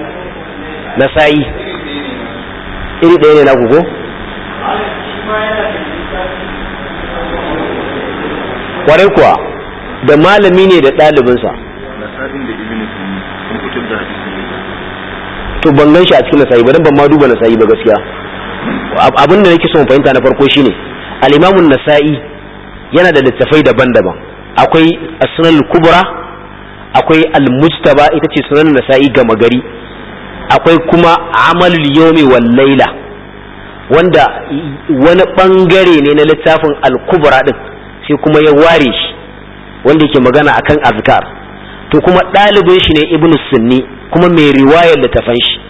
nasa'i iri ɗaya ne na kwarai kuwa da malami ne da ɗalibinsa to ban gan shi a cikin nasa'i ba dan ban ma duba nasa'i ba gaskiya abin da nake son fahimta na farko shine al-imamun nasa'i yana da littafai daban-daban akwai as-sunan kubra akwai al-mujtaba ita ce sunan nasa'i gama gari akwai kuma amalul yawmi wal laila wanda wani bangare ne na littafin al-kubra din sai kuma ya ware shi wanda yake magana akan azkar to kuma ɗalibin shi ne ibnu sunni kuma mai riwayar littafan shi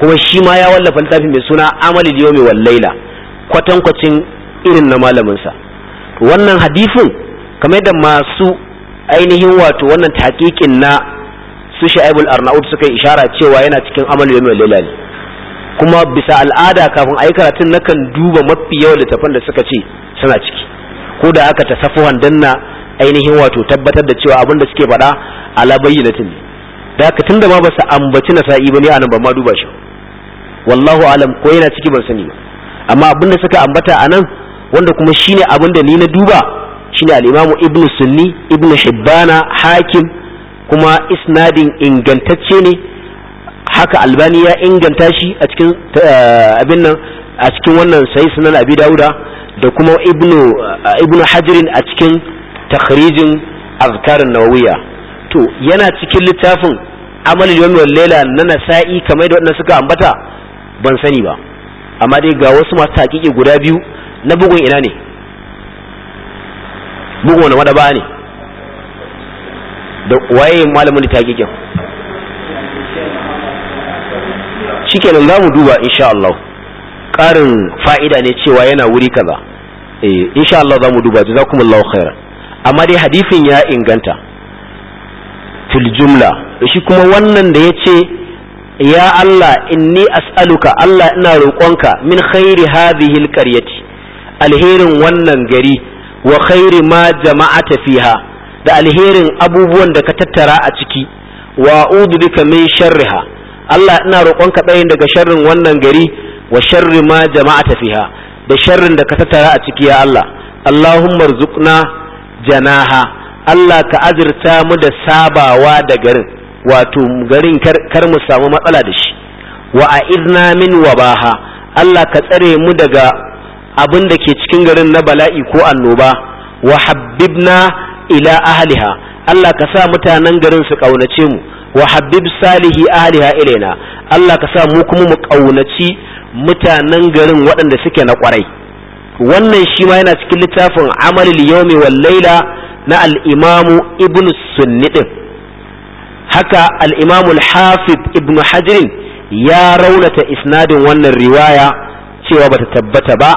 kuma shi ma ya wallafa littafin mai suna amali da yomi wal laila kwatankwacin irin na malaminsa sa wannan hadifin kamar da masu ainihin wato wannan taƙiƙin na su sha'ibul arnaud suka yi ishara cewa yana cikin amali yomi wal laila ne kuma bisa al'ada kafin a yi karatun nakan duba mafi yawan littafan da suka ce suna ciki ko da aka tasafuhan danna ainihin wato tabbatar da cewa abin da suke faɗa ala bayyinatin da ka tunda ma ba su ambaci nasa'i ba ne anan ba ma duba shi wallahu alam ko yana ciki ban sani ba amma abinda suka ambata anan wanda kuma shine abin da ni na duba shine al-imamu ibn sunni ibn hibbana hakim kuma isnadin ingantacce ne haka albani ya inganta shi a cikin eh, abin nan a cikin wannan sai sunan abi dauda da kuma uh, ibnu hajirin a cikin takhrijin azkarin nawawiya to yana cikin littafin amal yawmi wal layla na nasa'i kamar da wannan suka ambata ban sani ba amma dai ga wasu masu taƙiƙi guda biyu na bugun ina ne bugun wani ba ne da waye malamin taƙiƙin shikenan za mu duba insha Allah ƙarin fa'ida ne cewa yana wuri kaza eh insha Allah za mu duba jazakumullahu khairan amma dai hadisin ya inganta fil jumla shi kuma wannan da yace ya Allah inni as'aluka Allah ina roƙonka min khairi hadhihi alqaryati alherin wannan gari wa khairi ma jama'ata fiha da alherin abubuwan da ka tattara a ciki wa udu bika min sharriha Allah ina roƙonka ɗayan daga sharrin wannan gari wa sharri ma jama'ata fiha da sharrin da ka tattara a ciki ya Allah Allahumma rzuqna janaha Allah ka azirta mu da sabawa da garin wato garin kar mu samu matsala da shi wa a'idna min wabaha Allah ka tsare mu daga abin da ke cikin garin na bala'i ko annoba wa na ila ahliha Allah ka sa mutanen garin su kaunace mu wa habib salihi aliha ilaina Allah ka sa mu kuma mu kaunaci mutanen garin waɗanda suke na kwarai wannan shi ma yana cikin littafin amalil yawmi wal layla na al-imamu ibn sunni din haka al-imamu al-hafiz ibn hajar ya raunata isnadin wannan riwaya cewa bata tabbata ba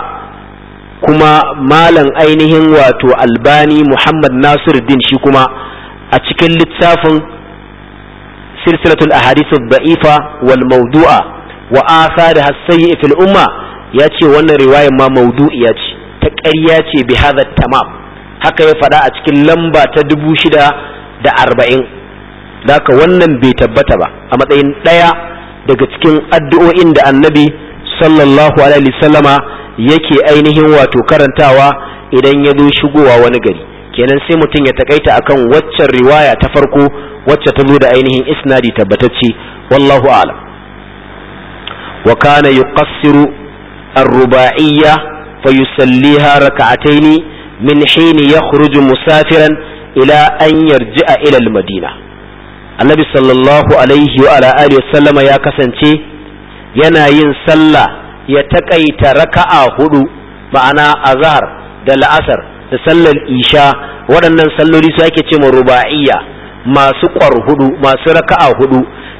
kuma malam ainihin wato albani muhammad nasiruddin shi kuma a cikin littafin silsilatul ahadith ad-da'ifa wal mawdu'a wa atharaha as-sayyi fil ya ce wannan riwayar ma mawdu'iya ce ta ƙarya ce bi hadha tamam haka ya faɗa a cikin lamba ta dubu shida da arba'in haka wannan bai tabbata ba a matsayin ɗaya daga cikin addu'o'in da annabi sallallahu alaihi sallama yake ainihin wato karantawa idan ya zo shigowa wani gari kenan sai mutum ya takaita akan waccan riwaya ta farko wacce ta zo da ainihin isnadi tabbatacce wallahu a'lam wa kana yuqassiru ar-ruba'iyya fa yusalliha rak'atayn min hin yakhruju musafiran ila an yarji'a ila al-madina annabi sallallahu alaihi wa ala alihi wa ya kasance yana yin sallah ya takaita raka'a hudu ma'ana azhar da la'asar da sallar isha waɗannan salloli su ake ce ma ruba'iyya masu ƙwar hudu masu raka'a hudu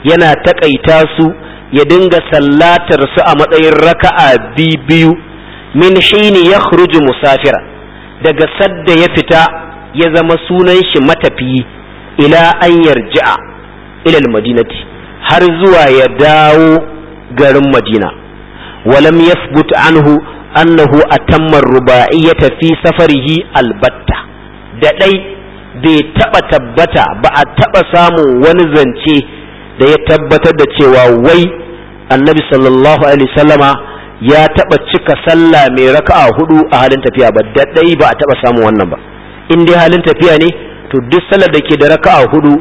yana taƙaita su ya dinga sallatar su a matsayin raka'a biyu min shine ya musafira daga sadda ya fita ya zama sunan shi matafiyi ila an yarji'a ilal madinati har zuwa ya dawo garin madina walam yasbut anhu annahu tamman ruba'iyyata fi safarihi albatta da ɗai bai taɓa tabbata ba a taɓa samun wani zance da ya tabbatar da cewa wai annabi sallallahu alaihi wasallama ya taɓa cika sallah mai raka'a hudu a halin tafiya ba da ɗai ba a taba samun wannan ba in dai halin tafiya ne to duk sallar da ke da raka'a hudu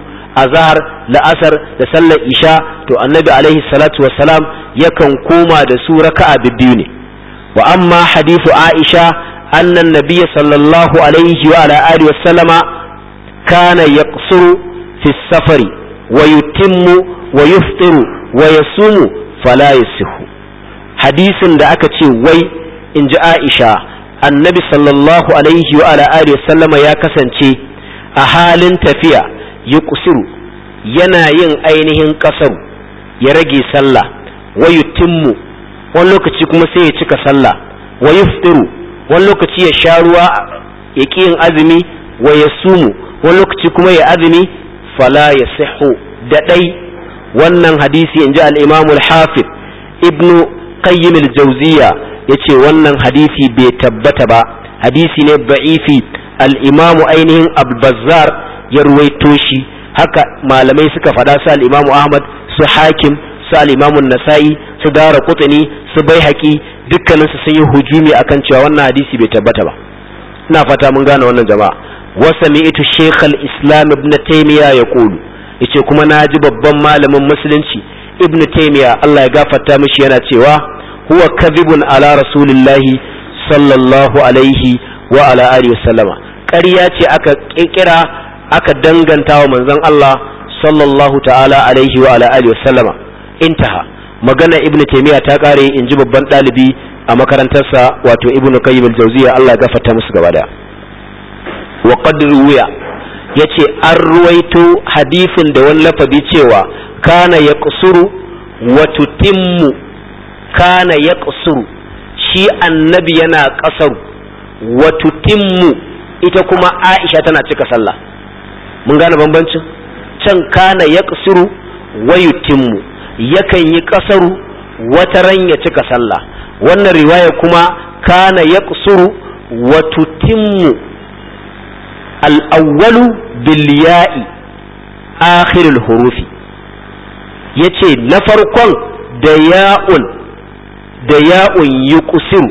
azhar la'asar da sallar isha to annabi alaihi salatu wassalam yakan koma da su raka'a biyu ne wa amma hadithu aisha annan nabiyya sallallahu alaihi wa ala alihi wa sallama kana yaqsuru fi safari wa yutimmu wa wa yasumu fala yasihu da aka ce wai in ji aisha annabi sallallahu alaihi wa ala alihi wa sallama ya kasance a halin tafiya yuqsiru yana yin ainihin kasaru ya rage sallah wa wani lokaci kuma sai ya cika sallah wa yuftiru wani lokaci ya sha ruwa ya ƙi yin azumi wa ya sumu wani lokaci kuma ya azumi fala ya sahu. da ɗai wannan hadisi in ji al'imamul hafiz ibnu qayyim al-jawziya ya ce wannan hadisi bai tabbata ba hadisi ne ba'ifi al'imamu ainihin abbazzar ya ruwaito shi haka malamai suka faɗa su al'imamu ahmad su hakim su al-imamun nasa'i su dara kutani su bai haƙi dukkaninsu sun yi hujumi akan cewa wannan hadisi bai tabbata ba ina fata mun gane wannan jama'a wasa mi'itu sheikh al-islam ibn taymiya ya kulu yace kuma na ji babban malamin musulunci ibn taymiya Allah ya gafarta mishi yana cewa huwa kadhibun ala rasulillahi sallallahu alaihi wa ala alihi wasallama ƙarya ce aka kirkira aka danganta wa manzon Allah sallallahu ta'ala alaihi wa ala alihi wasallama intaha magana ibnu taymiya ta kare in ji babban ɗalibi a makarantarsa wato ibnu qayyim al-jawziya Allah ya gafarta musu gaba da wa qad ruwiya yace an ruwaito hadifin da wani lafabi cewa kana yaqsuru wa tutimmu kana yaqsuru shi annabi yana kasaru wa tutimmu ita kuma Aisha tana cika sallah mun gane bambancin can kana yaqsuru wa yutimmu yakan yi kasaru wata ran ya cika sallah wannan riwaya kuma kana ya wa tutimmu al biliya'i bil ya'i akhirul hurufi yace na farkon da ya'un da ya'un yuqsiru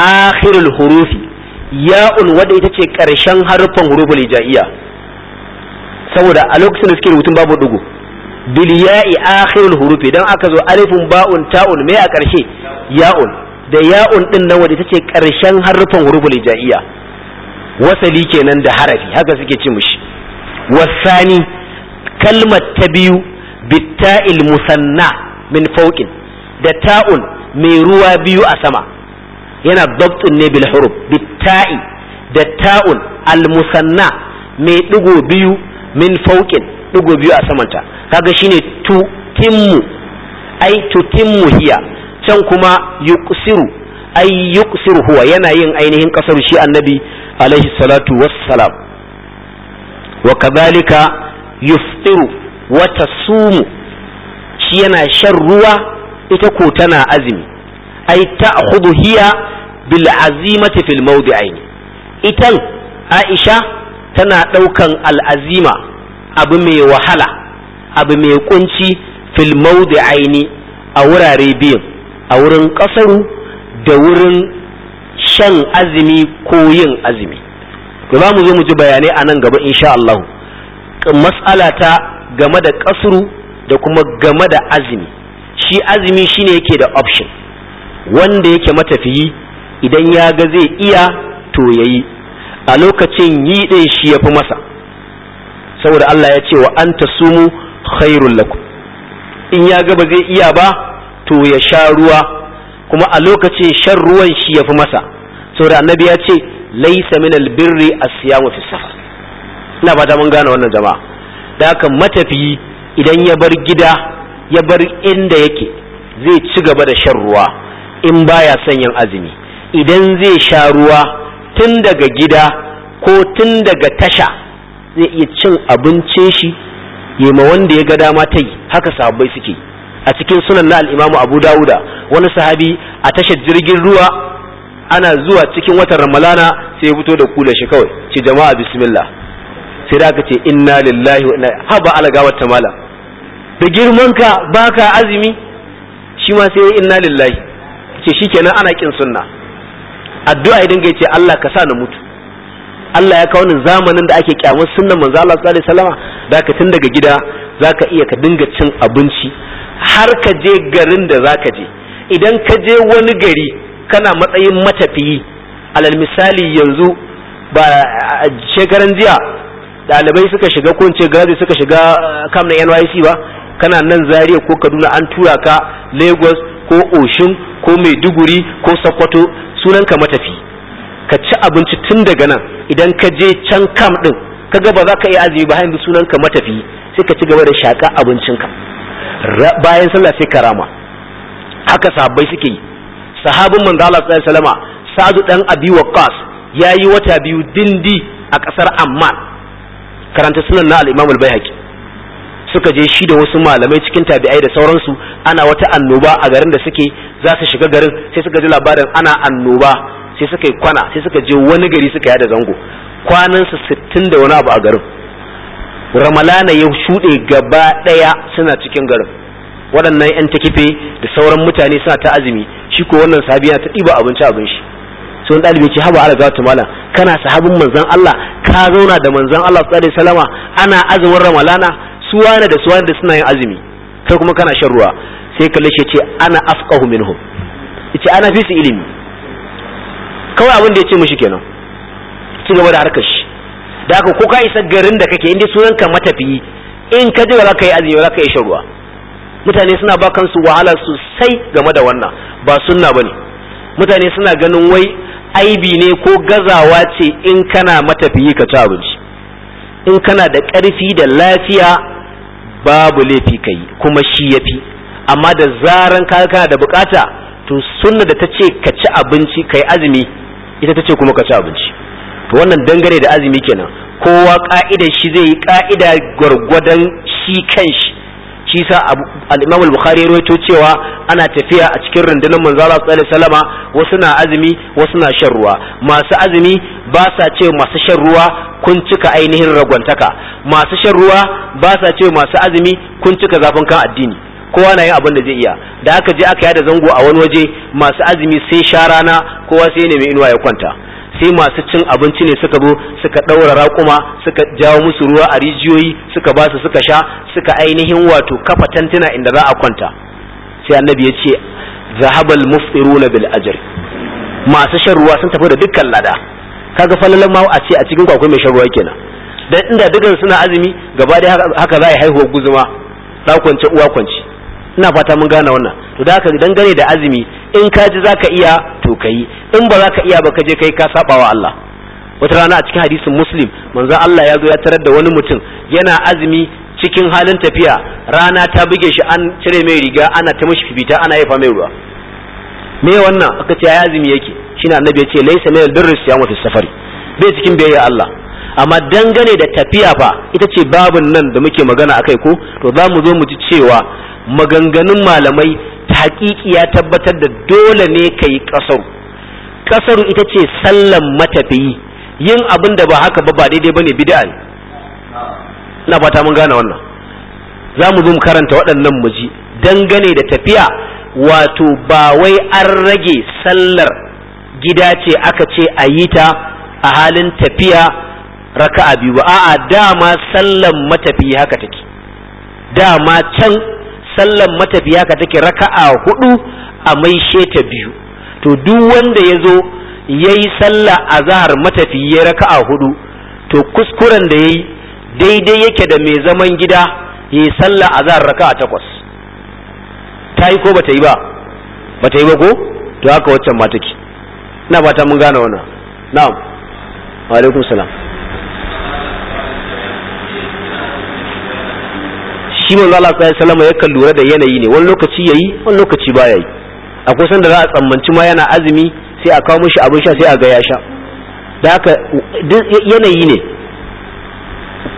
akhirul hurufi ya'un wadda ita ce ƙarshen harfan ne hijaiya saboda a lokacin da suke rubutun babu dugu bilya'i akhirul hurufi dan aka zo alifun ba'un ta'un mai a ƙarshe ya'un da ya'un din nan wadda tace ƙarshen harufan hurufin hijaiya wasali kenan da harafi haka suke ce mushi wasani kalmar ta biyu bitta'il musanna min fawqin da ta'un mai ruwa biyu a sama yana dabtun ne bil huruf bitta'i da ta'un al musanna mai digo biyu min fawqin digo biyu a samanta kaga shine tutimmu ai tutimmu hiya can kuma yuqsiru ai yuqsiru huwa yana yin ainihin kasar shi annabi alaihi salatu wassalam wa kadhalika yuftiru wa tasumu shi yana shan ruwa ita ko tana azumi ai ta'khudhu hiya bil azimati fil mawdi'ain itan Aisha tana ɗaukan al'azima abu mai wahala abu mai kunci fil Aini a wurare biyu a wurin kasaru da wurin shan azumi ko yin azumi to za mu zo mu ji bayanai a nan gaba insha Allah mas'ala ta game da kasaru da kuma game da azumi shi azumi shine yake da option wanda yake matafiyi idan ya ga zai iya to yayi a lokacin yi din shi yafi masa saboda Allah ya ce wa an ta sumu khairul lakum in ya ga ba zai iya ba to ya sha ruwa kuma a lokacin shan ruwan shi ya fi masa saboda annabi ya ce laisa min albirri siya fi safar ina fata mun gane wannan jama'a da haka matafiyi idan ya bar gida ya bar inda yake zai ci gaba da shan ruwa in baya son yin azumi idan zai sha ruwa tun daga gida ko tun daga tasha zai iya cin abincin shi yi ma wanda ya ga dama ta yi haka sahabbai suke a cikin sunan na al'imamu abu dawuda wani sahabi a tashar jirgin ruwa ana zuwa cikin watan ramalana sai ya fito da kula shi kawai ce jama'a bismillah sai da aka ce inna lillahi wa inna haba alagawar ta malam da girmanka baka azumi shi ma sai inna lillahi ce shikenan ana kin sunna addu'a idan ga ce Allah ka sa na mutu Allah ya kawo ni zamanin da ake kyamar sunnan manzo Allah sallallahu alaihi wasallam zaka tun daga gida zaka iya ka dinga cin abinci har ka je garin da zaka je idan ka je wani gari kana matsayin matafiyi alal misali yanzu ba shekaran jiya ɗalibai suka shiga ko ce gazi suka shiga kam uh, na NYC ba kana nan Zaria ko Kaduna an tura ka Lagos ko Oshun ko Maiduguri ko Sokoto sunan ka matafi ka ci abinci tun daga nan idan ka je can kam din kaga ba za ka iya azumi ba hanyar sunan ka matafi sai ka ci gaba da shaka abincinka bayan sallah sai karama, haka sahabbai suke yi sahabin manzo Allah sallallahu alaihi wasallam sa'adu dan abi waqas yayi wata biyu dindi a kasar Amman karanta sunan na al-Imam al-Baihaqi suka je shi da wasu malamai cikin tabi'ai da sauransu ana wata annoba a garin da suke za su shiga garin sai suka ji labarin ana annoba sai suka yi kwana sai suka je wani gari suka yada zango su sittin da wani abu a garin ramalana ya shuɗe gaba ɗaya suna cikin garin waɗannan 'yan takife da sauran mutane suna ta azumi shi ko wannan sabi yana ta ɗiba abinci abin shi sun ɗalibi ce haba ala gawata mala kana sahabin manzan Allah ka zauna da manzan Allah su alaihi salama ana azumin ramalana su wane da su wane da suna yin azumi kai kuma kana shan ruwa sai kalle shi ce ana afqahu minhum ita ana fi su ilimi kawai abin da ya ce mishi kenan ci gaba da harkar shi da haka ko ka isa garin da kake inda sunan ka matafiyi in ka ji ba za ka yi azumi ba za ka yi ruwa mutane suna ba kansu wahala sosai game da wannan ba sunna bane mutane suna ganin wai aibi ne ko gazawa ce in kana matafiyi ka ci abinci in kana da ƙarfi da lafiya babu laifi ka kuma shi yafi amma da zaran ka kana da bukata to sunna da ta ce ka ci abinci ka azumi ita ta ce kuma ka ci abinci to wannan dangane da azumi kenan kowa ka'idar shi zai yi ka'ida gwargwadon shi kanshi shi sa al-Imam al-Bukhari ya rawaito cewa ana tafiya a cikin rundunar manzo Allah sallallahu alaihi wasu na azumi wasu na shan ruwa masu azumi ba sa ce masu shan ruwa kun cika ainihin ragwantaka masu shan ruwa ba sa ce masu azumi kun cika zafin kan addini kowa na yin abin da zai iya da aka je aka yada zango a wani waje masu azumi sai sha rana kowa sai nemi inuwa ya kwanta sai masu cin abinci ne suka zo suka ɗaura raƙuma suka jawo musu ruwa a rijiyoyi suka ba su suka sha suka ainihin wato kafa tantuna inda za a kwanta sai annabi ya ce zahabal mufsiruna bil ajr masu shan ruwa sun tafi da dukkan lada kaga falalan ma a ce a cikin kwakwai mai shan ruwa kenan dan inda dukan suna azumi gaba da haka za a haihuwar guzuma ɗa uwa kwance ina fata mun gane wannan to da haka dangane da azumi in ka ji zaka iya to kai in ba zaka iya ba ka je kai ka saba wa Allah wata rana a cikin hadisin muslim manzo Allah ya zo ya tarar da wani mutum yana azumi cikin halin tafiya rana ta buge shi an cire mai riga ana ta mishi fifita ana yafa mai ruwa me wannan aka ce ya azumi yake shine annabi ya ce laysa min albirri siyamu safari bai cikin biyayya Allah amma dangane da tafiya fa ita ce babin nan da muke magana akai ko to za mu zo mu ji cewa maganganun malamai hakikiya tabbatar da dole ne ka yi ƙasar ƙasaru ita ce sallan matafiyi yin abin da ba haka ba ba daidai ba ne bid'a ne ina fata mun gane wannan za mu zo karanta waɗannan mu ji dangane da tafiya wato ba wai an rage sallar gida ce aka ce a yi ta a halin tafiya raka'a biyu ba a'a dama sallan matafiyi haka take dama can sallan matafiya ka take raka'a hudu a mai ta biyu to duk wanda ya zo ya yi sallah azahar matafiya ya raka'a hudu to kuskuren da ya yi daidai yake da mai zaman gida ya yi sallah azahar raka'a takwas ta yi ko ba ta yi ba ba ta yi ba ko to haka waccan ma take ina ta mun gane wannan na'am wa alaikum salam shi manzo Allah sallallahu alaihi wasallam yakan lura da yanayi ne wani lokaci yayi wani lokaci baya yi akwai da za a tsammanci ma yana azumi sai a kawo mishi abin sha sai a ga ya sha da haka yanayi ne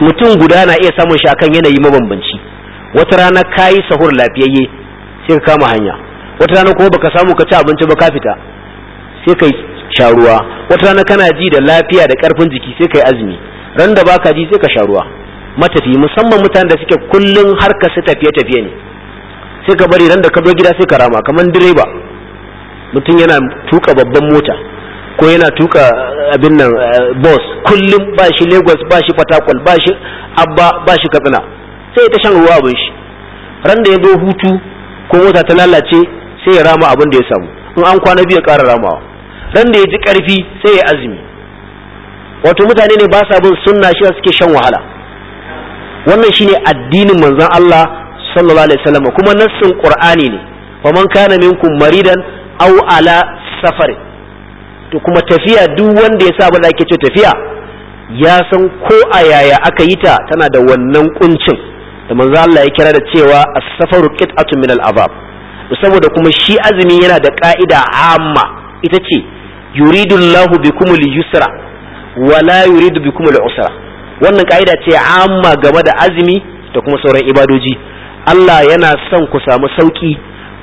mutum guda na iya samun shi akan yanayi mabambanci wata rana kayi sahur lafiyayye sai ka kama hanya wata rana kuma baka samu ka ci abinci ba ka fita sai kai sha ruwa wata rana kana ji da lafiya da karfin jiki sai kai azumi ran da baka ji sai ka sha ruwa matafi musamman mutanen da suke kullun harkar su tafiye tafiye ne sai ka bari ran da ka zo gida sai ka rama kamar direba mutum yana tuka babban mota ko yana tuka eh, abin nan eh, bus kullum ba shi lagos ba shi fatakwal ba shi abba ba shi katsina sai ta shan ruwa abin shi ran da ya zo hutu ko mota ta lalace sai ya rama abin da ya samu in an kwana biyu ya ƙara ramawa ran da ya ji ƙarfi sai ya azumi wato mutane ne ba sa bin sunna shi suke shan wahala wannan shine addinin manzon Allah sallallahu alaihi wasallam kuma nassin qur'ani ne wa man kana minkum maridan aw ala safar to kuma tafiya duk wanda ya saba da ake ce tafiya ya san ko a yaya aka yi ta tana da wannan kuncin da manzon Allah ya kira da cewa as-safaru qit'atun min al-azab saboda kuma shi azumi yana da ka'ida amma ita ce yuridu Allahu bikumul yusra wala yuridu bikumul usra wannan ka'ida ce amma game da azumi da kuma sauran ibadoji Allah yana son ku samu sauki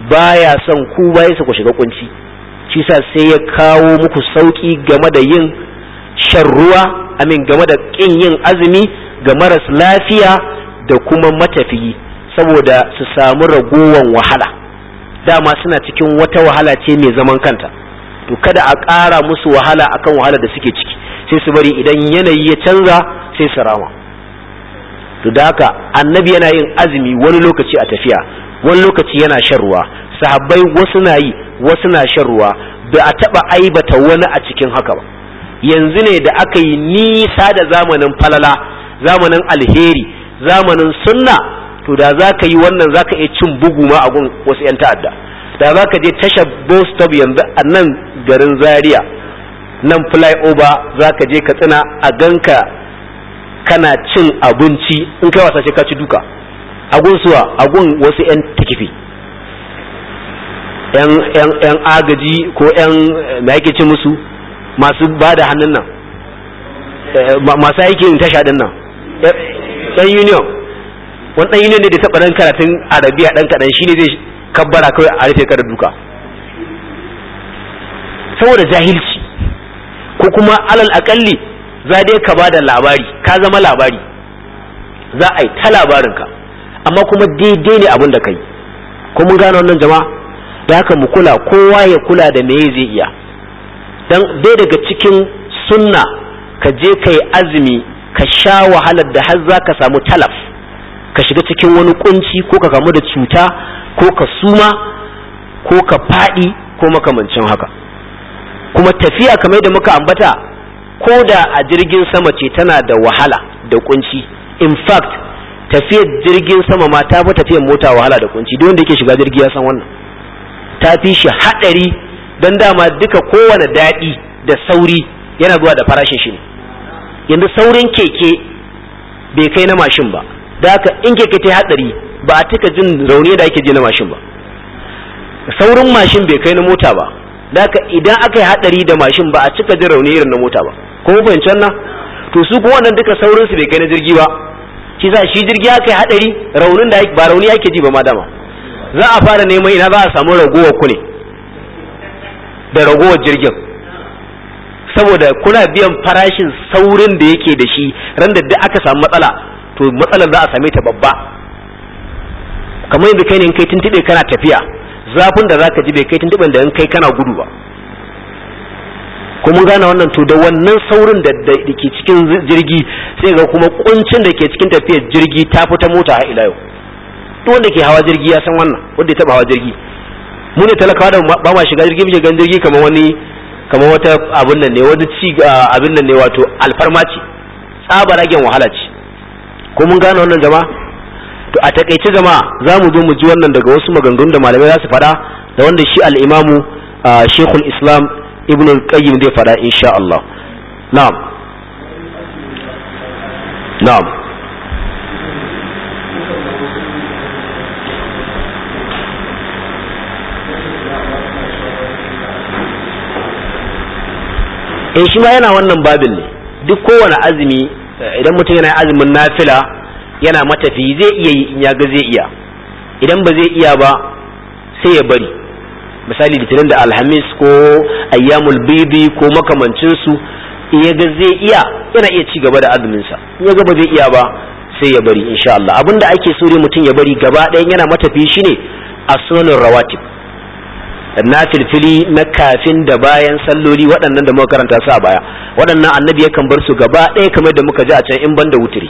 baya son ku bayansa ku shiga kunci shi sa sai ya kawo muku sauki game da yin shan ruwa amin game da kin yin azumi ga maras lafiya da kuma matafiyi saboda su samu ragowan wahala dama suna cikin wata wahala ce mai zaman kanta to kada a ƙara musu wahala akan wahala da suke ciki sai su bari idan yanayi ya canza sai sarama to da haka annabi yana yin azumi wani lokaci a tafiya wani lokaci yana shan ruwa sahabbai wasu na yi wasu na shan ruwa ba a taba aibata wani a cikin haka ba yanzu ne da aka yi nisa da zamanin falala zamanin alheri zamanin sunna to da za ka yi wannan za ka iya cin bugu ma a gun wasu 'yan ta'adda da za ka je tashar bostop yanzu a nan garin zaria nan flyover za ka je katsina a ganka kana cin abinci in kai wasa ka ci duka agun suwa agun wasu 'yan tikifi yan agaji ko yan da yake ci musu masu ba da hannun nan eh, masu aikin tasha din nan ɗan union wani dan union ne da taɓa dan karatun arabiya dan kaɗan shi ne zai kabbara kawai a rufe kada duka saboda jahilci ko kuma alal akalli za dai ka ba da labari ka zama labari za a yi ta labarinka amma kuma daidai ne abin da kai ko gano gane wannan jama'a da haka mu kula kowa ya kula da me zai iya dan dai daga cikin sunna ka je kai azumi ka sha wahalar da har za ka samu talaf ka shiga cikin wani kunci ko ka kamu da cuta ko ka suma ko ka faɗi ko makamancin haka kuma tafiya kamar da muka ambata Koda a jirgin sama ce tana da wahala da kunci in fact tafiyar jirgin sama ma ta fi tafiyar mota wahala da kunci duk wanda yake shiga jirgi ya san wannan ta fi shi hadari don dama duka kowane daɗi da sauri yana zuwa da farashin shi ne yanzu saurin keke bai kai na mashin ba da haka in keke ta hadari ba a tuka jin rauni da ake ji na mashin ba saurin mashin bai kai na mota ba da haka idan aka yi hadari da mashin ba a cika jin rauni irin na mota ba ko bancan nan to su kuma wannan duka saurin su bai kai na jirgi ba shi za shi jirgi ya kai hadari raunin da ba rauni yake ji ba ma dama za a fara neman ina za a samu ragowar ku da ragowar jirgin saboda kuna biyan farashin saurin da yake da shi ran da duk aka samu matsala to matsalar za a same ta babba kamar yadda kai ne in kai tuntube kana tafiya zafin da za ka ji bai kai tuntuben da in kai kana gudu ba ko mun gane wannan to da wannan saurin da ke cikin jirgi sai ga kuma kuncin da ke cikin tafiyar jirgi ta fita mota a ila yau duk wanda ke hawa jirgi ya san wannan wanda ya taba hawa jirgi mu ne talakawa da ba ma shiga jirgi muke gan jirgi kamar wani kamar wata abin nan ne wani ci abin nan ne wato alfarma ce tsaba ragen wahala ce ko mun gane wannan jama'a to a takaice jama'a za mu zo mu ji wannan daga wasu maganganun da malamai za su faɗa da wanda shi al'imamu imamu shekul islam ibn al-qayyim zai faɗa insha Allah na'am na'am in eh, shi ma yana wannan babin ne duk kowane azumi eh, idan mutum yana azumin nafila yana matafi zai iya yi in ya ga zai iya idan ba zai iya ba sai ya bari misali litinin da alhamis ko ayyamul bibi ko makamancinsu ya ga zai iya yana iya ci gaba da azuminsa ya ga ba zai iya ba sai ya bari insha Allah abinda ake so ne mutum ya bari gaba ɗayan yana matafi shine asnanur rawatib na filfili na kafin da bayan salloli waɗannan da muka karanta su a baya waɗannan annabi kan bar su gaba ɗaya kamar da muka ji a can in banda wuturi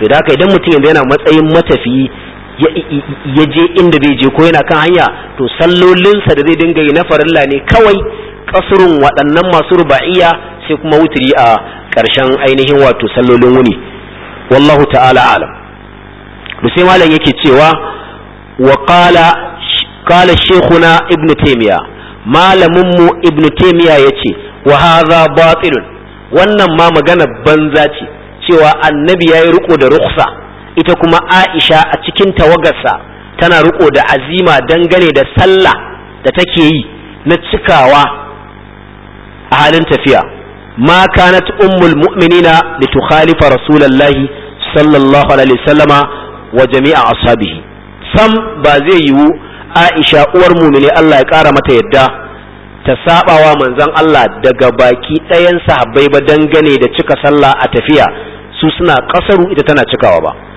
to da haka idan mutum yanzu yana matsayin matafi. ya je inda bai je ko yana kan hanya to sallolinsa da zai dinga yi na farilla ne kawai kasurin waɗannan masu ruba'iya sai kuma wuturi a ƙarshen ainihin wato sallolin wuni wallahu ta'ala alam sai malam yake cewa wa qala qala shaykhuna ibnu taymiya malamin mu ibnu taymiya yace wa hadha batilun wannan ma magana banza ce cewa annabi yayi riko da rukhsa ita kuma Aisha a cikin tawagarsa tana riko da azima dangane da sallah da take yi na cikawa a halin tafiya ma kanat ummul mu'minina litukhalifa rasulullahi sallallahu alaihi wasallama wa jami'a ashabihi sam ba zai yiwu Aisha uwar mumini Allah ya kara mata yadda ta sabawa manzon Allah daga baki ɗayan sahabbai ba dangane da cika sallah a tafiya su suna kasaru ita tana cikawa ba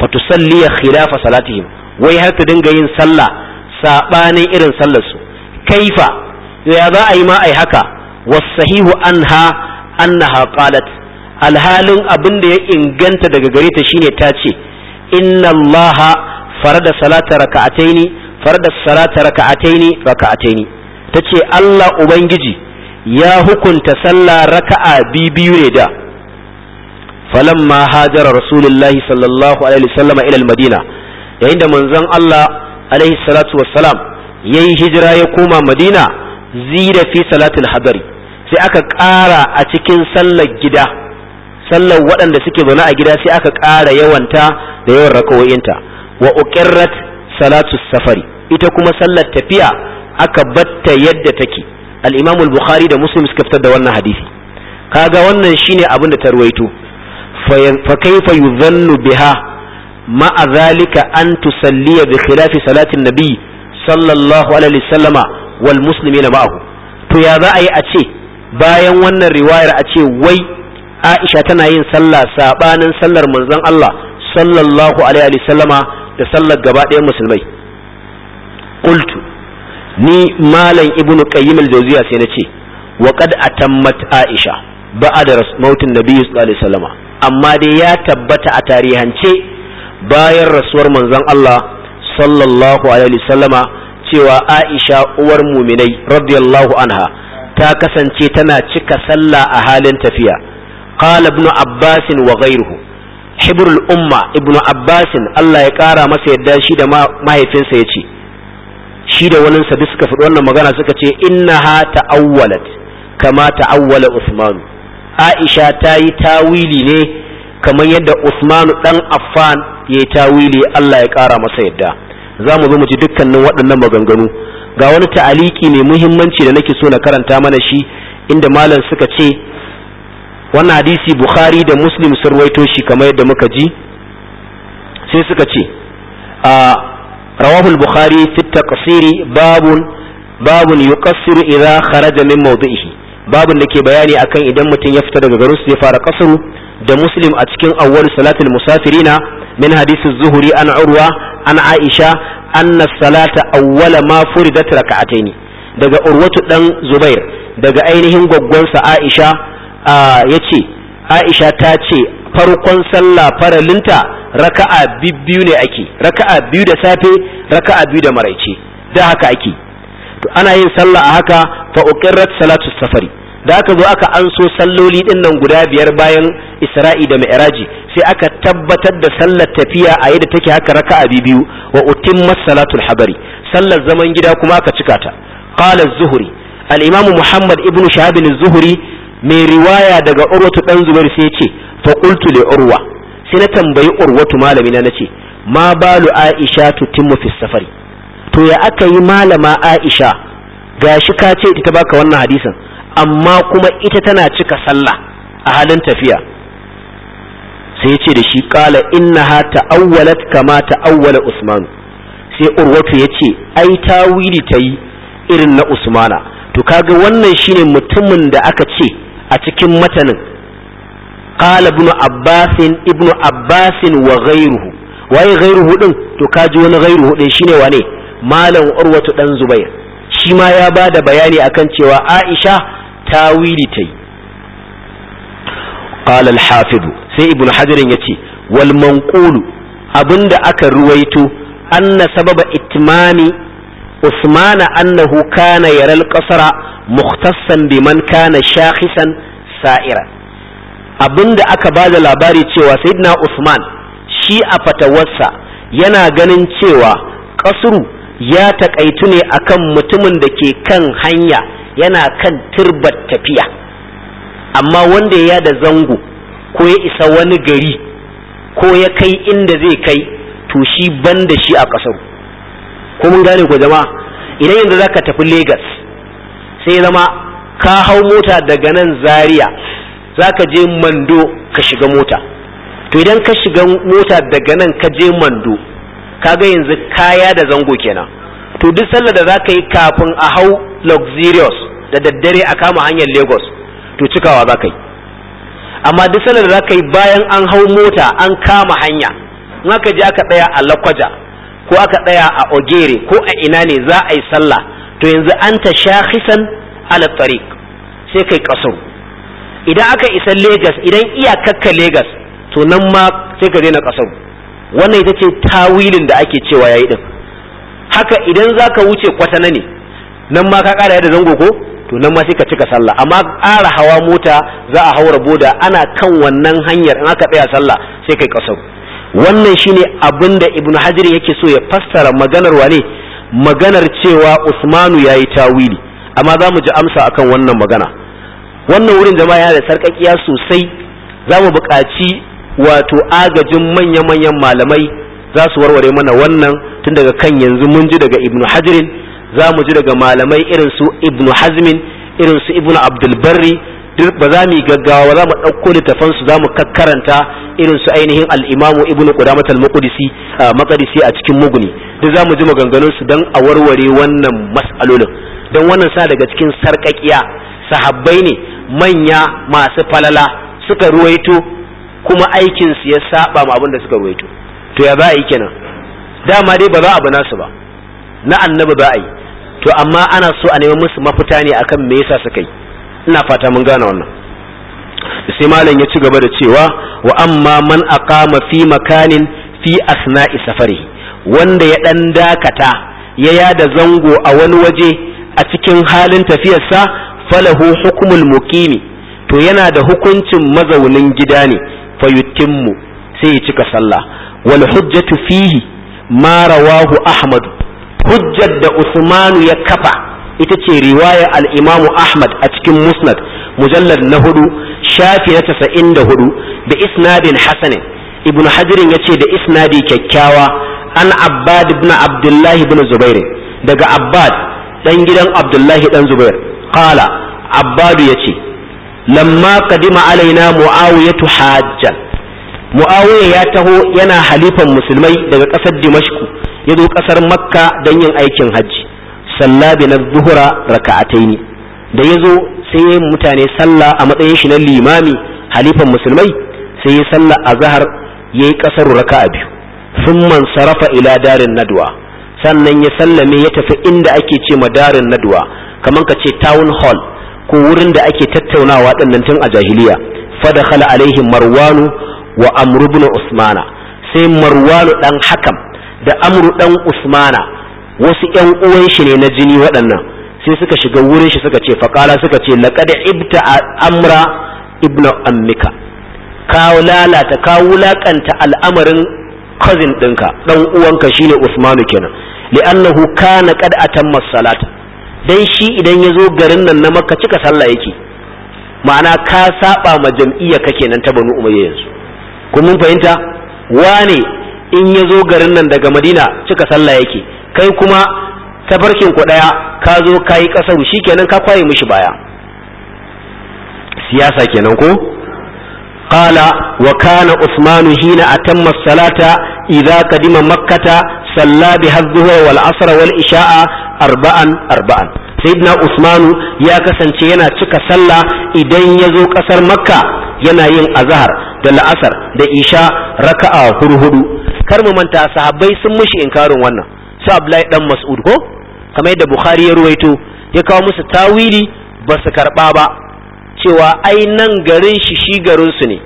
fa ya khilafa salatihim wai har ta dinga yin sallah sabanin irin sallar su kaifa ya za a yi ma ai haka wasahihu anha annaha qalat alhalin abin da ya inganta daga gare ta shine ta ce inna allaha farada salata raka'ataini farada salata raka'ataini raka'ataini tace Allah ubangiji ya hukunta sallah raka'a bibiyu ne da Falan hajara rasulullahi sallallahu alaihi wasallam ila almadina yayin da manzon Allah alaihi salatu wassalam yayi hijira ya koma madina zira fi salatul hadari sai aka ƙara a cikin sallar gida sallar waɗanda suke zaune a gida sai aka ƙara yawanta da yawan rakawoyinta wa uqirrat salatu safari ita kuma sallar tafiya aka batta yadda take al-imam al-bukhari da muslim suka fitar da wannan hadisi kaga wannan shine abin da ta ruwaito fa kaifa yuzannu biha ma'a zalika an tusalliya bi khilafi salatin nabi sallallahu alaihi wasallama wal muslimina ba'ahu to ya za a yi a ce bayan wannan riwayar a ce wai Aisha tana yin sallah sabanin sallar manzon Allah sallallahu alaihi sallama da sallar gaba ɗayan musulmai qultu ni malam ibnu qayyim al-jawziya sai ce wa qad atammat aisha ba'da mautin nabi sallallahu alaihi wasallama amma dai ya tabbata a tarihance bayan rasuwar manzon Allah sallallahu alaihi wasallama cewa Aisha uwar muminai radiyallahu anha ta kasance tana cika sallah a halin tafiya qala ibnu abbas wa ghayruhu hibrul umma ibnu abbas Allah ya kara masa yadda shi da mahaifinsa yace shi da walinsa duka suka faɗi wannan magana suka ce innaha ta'awwalat kama ta'awwala usmanu Aisha ta yi tawili ne kamar yadda Usman dan Affan ya yi tawili Allah ya kara masa yadda za mu zo mu ji dukkanin waɗannan maganganu ga wani ta'aliki mai muhimmanci da nake so na karanta mana shi inda malam suka ce wannan hadisi Bukhari da Muslim sun ruwaito shi kamar yadda muka ji sai suka ce a rawahul Bukhari fit taqsiri babun babun yuqassiru idza kharaja min mawdihi babin da ke bayani akan idan mutum ya fita daga garin su ya fara kasaru da muslim a cikin awwal salatul musafirina min hadisi zuhuri an urwa an aisha anna salata awwala ma furidat rak'ataini daga urwatu dan zubair daga ainihin sa aisha yace aisha ta ce farkon sallah faralinta raka'a biyu ne ake raka'a biyu da safe raka'a biyu da maraice da haka ake to ana yin sallah a haka fa uqirrat salatu safari da aka zo aka anso salloli din nan guda biyar bayan isra'i da mi'raji sai aka tabbatar da sallar tafiya a yadda take haka raka a biyu wa utimmat habari sallar zaman gida kuma aka cika ta qala zuhuri zuhri al-imam muhammad ibnu shahab zuhuri mai riwaya daga urwatu dan zubair sai ya ce fa qultu li urwa sai na tambayi urwatu malami na nace ma balu aisha tutimmu fi safari to ya aka yi malama aisha gashi ka ce ita baka wannan hadisin amma kuma ita tana cika sallah a halin tafiya sai ce da shi kala innaha ta'awwalat kama ta'awwala usman sai urwatu yace ai tawili tayi irin na usmana to kaga wannan shine mutumin da aka ce a cikin matanin qala ibn abbas ibn abbas wa ghayruhu waye ghayruhu din to kaji wani ghayruhu din shine wane malam urwatu dan zubair shi ma ya bada bayani akan cewa aisha tawili ta yi qala Hafidu sai sai ibnu ya yace wal manqulu abinda aka ruwaito anna sababa itmami usmana annahu kana yara al-qasra mukhtassan biman kana shakhisan sa'ira abinda aka bada labari cewa sayyidina usman shi a fatawarsa yana ganin cewa kasru ya taƙaitu ne akan mutumin da ke kan hanya yana kan turbar tafiya amma wanda ya da zango ko ya isa wani gari ko ya kai inda zai kai to shi ban shi a ƙasar ko mun gane ko jama'a idan yanzu za ka tafi Legas sai zama ka hau mota daga nan zaria za ka je mando ka shiga mota to idan ka shiga mota daga nan ka je mando ga yanzu kaya da zango kenan to duk sallar da za ka yi kafin a hau luxurious da daddare a kama hanyar lagos to cikawa za ka yi amma duk sanar da za ka yi bayan an hau mota an kama hanya in aka je aka tsaya a lakwaja ko aka tsaya a ogere ko a ina ne za a yi sallah to yanzu an ta shahisan ala tariq sai kai kaso idan aka isa lagos idan iyakakka lagos to nan ma sai ka daina kasar wannan ita ce tawilin da ake cewa yayi din haka idan za ka wuce kwatana ne nan ma ka ƙara yadda zango ko to nan ma sai ka cika sallah amma ƙara hawa mota za a haura boda ana kan wannan hanyar in aka tsaya sallah sai kai kasau wannan shine abin da ibnu hajar yake so ya fassara maganar wane maganar cewa usmanu yayi tawili amma za mu ji amsa akan wannan magana wannan wurin jama'a yana da sarƙaƙiya sosai za mu buƙaci wato agajin manya-manyan malamai za su warware mana wannan tun daga kan yanzu mun ji daga ibnu hajirin za mu ji daga malamai irin su ibn hazmin irin su ibn abdulbarri duk ba za mu yi gaggawa za mu ɗauko littafan su za mu kakkaranta irin su ainihin al'imamu ibn qudamat al-maqdisi maqdisi a cikin muguni duk za mu ji maganganun su dan a warware wannan mas'alolin dan wannan sa daga cikin sarkakiya sahabbai ne manya masu falala suka ruwaito kuma aikin su ya saba ma abin da suka ruwaito to ya za a yi kenan dama dai ba za a bana nasu ba na annabi ba a yi to amma ana so a neman musu mafita ne akan me yasa suka yi ina fata mun gane wannan sai malam ya ci gaba da cewa wa amma man aqama fi makanin fi asna'i safari wanda ya dan dakata ya yada zango a wani waje a cikin halin tafiyarsa falahu hukumul muqimi to yana da hukuncin mazaunin gida ne fayutimmu sai ya cika sallah wal hujjatu fihi ma rawahu ahmadu hujjar da usmanu ya kafa ita ce riwaya al-imamu ahmad a cikin musnad mujallar na hudu shafi na tasa'in da hudu da isnadin hasanin ibn hajirin ya ce da isnadi kyakkyawa an abbad ibn abdullahi ibn zubair daga abbad dan gidan abdullahi dan zubair kala abbadu ya ce lamma kadima alaina mu'awiyatu hajjan mu'awiya ya taho yana halifan musulmai daga ƙasar dimashku ya zo ƙasar makka don yin aikin hajji salla bi na zuhura ne da ya zo sai ya yi mutane sallah a matsayin shi na limami halifan musulmai sai ya sallah a zahar ya yi ƙasar raka'a biyu sun man sarrafa ila darin nadwa sannan ya sallame ya tafi inda ake ce ma darin nadwa kamar ka ce town hall ko wurin da ake tattaunawa ɗannan tun a jahiliya fadakhala alaihim marwanu wa amru ibn usmana sai marwanu dan hakam da amru dan usmana wasu yan uwan shi ne na jini waɗannan sai suka shiga wurin shi suka ce faqala suka ce laqad ibta amra ibn ammika ka lalata ka wulakanta al'amarin cousin ɗinka ɗan uwanka shine usmanu kenan li'annahu kana qad atamma salata dan shi idan ya zo garin nan na makka cika sallah yake ma'ana ka saba ma jam'iyya kake nan ta banu umayya yanzu kun mun fahimta wane in ya zo garin nan daga madina cika sallah yake kai kuma barkin ku ɗaya ka zo ka yi ƙasaru shi kenan ka kwaye mishi baya siyasa kenan ko qala wa kana usman hina atamma salata idza qadima makkata salla bi hadhuha wal asr wal isha'a arba'an arba'an sayyidina usman ya kasance yana cika sallah idan ya zo kasar makka yana yin azhar da la'asar da isha raka'a hudu kar mu manta sahabbai sun mushi inkarin wannan su Abdullahi dan Mas'ud ko kamar yadda Bukhari ya ruwaito ya kawo musu tawili ba su karba ba cewa ai nan garin shi shi garin su ne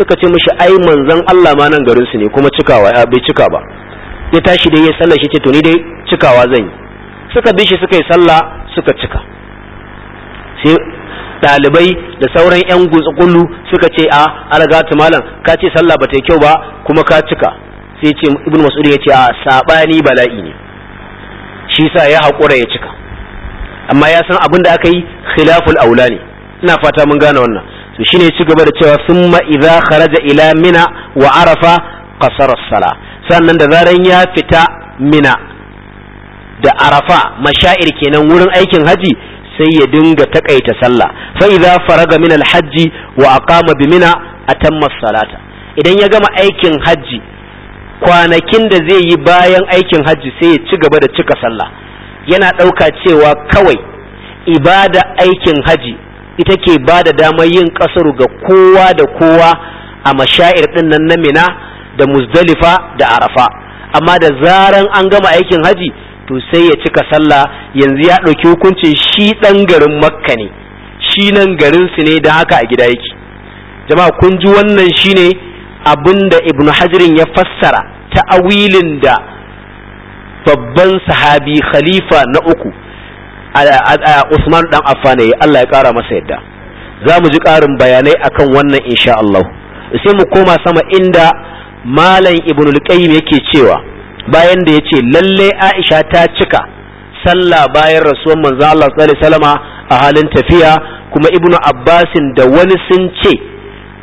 suka ce mushi ai manzon Allah ma nan garin su ne kuma cikawa bai cika ba ya tashi dai ya sallah shi ce to ni dai cikawa zan yi suka bi shi suka yi sallah suka cika sai dalibai da sauran 'yan gutsukullu suka ce a algatu malam ka ce sallah ba ta kyau ba kuma ka cika sai ce ibn mas'ud ya ce a sabani bala'i ne shi sa ya haƙura ya cika amma ya san abin da aka yi khilaful aula ne ina fata mun gane wannan to shine ci gaba da cewa summa idza kharaja ila mina wa arafa qasara sala sannan da zaran ya fita mina da arafa mashair kenan wurin aikin haji sai ya dinga takaita sallah fa idza faraga min hajji wa aqama bi mina atamma salata idan ya gama aikin haji kwanakin da zai yi bayan aikin hajji sai ya ci gaba da cika sallah yana ɗauka cewa kawai ibada aikin haji ita ke ba da damar yin ƙasaru ga kowa da kowa a mashair ɗinnan nan na mina da muzdalifa da arafa amma da zaran an gama aikin haji to sai ya cika sallah yanzu ya ɗauki hukuncin shi ɗan garin makka ne shi nan garinsu ne da haka a gida yake jama'a kun ji wannan shine abinda ibnu hajirin ya fassara ta'awilin da babban sahabi khalifa na uku Usman dan Affan yayi Allah ya kara masa yadda za mu ji karin bayanai akan wannan insha Allah sai mu koma sama inda malam ibnu al-qayyim yake cewa bayan da yace lalle Aisha ta cika sallah bayan rasuwan manzo Allah sallallahu alaihi a halin tafiya kuma ibnu Abbasin da wani sun ce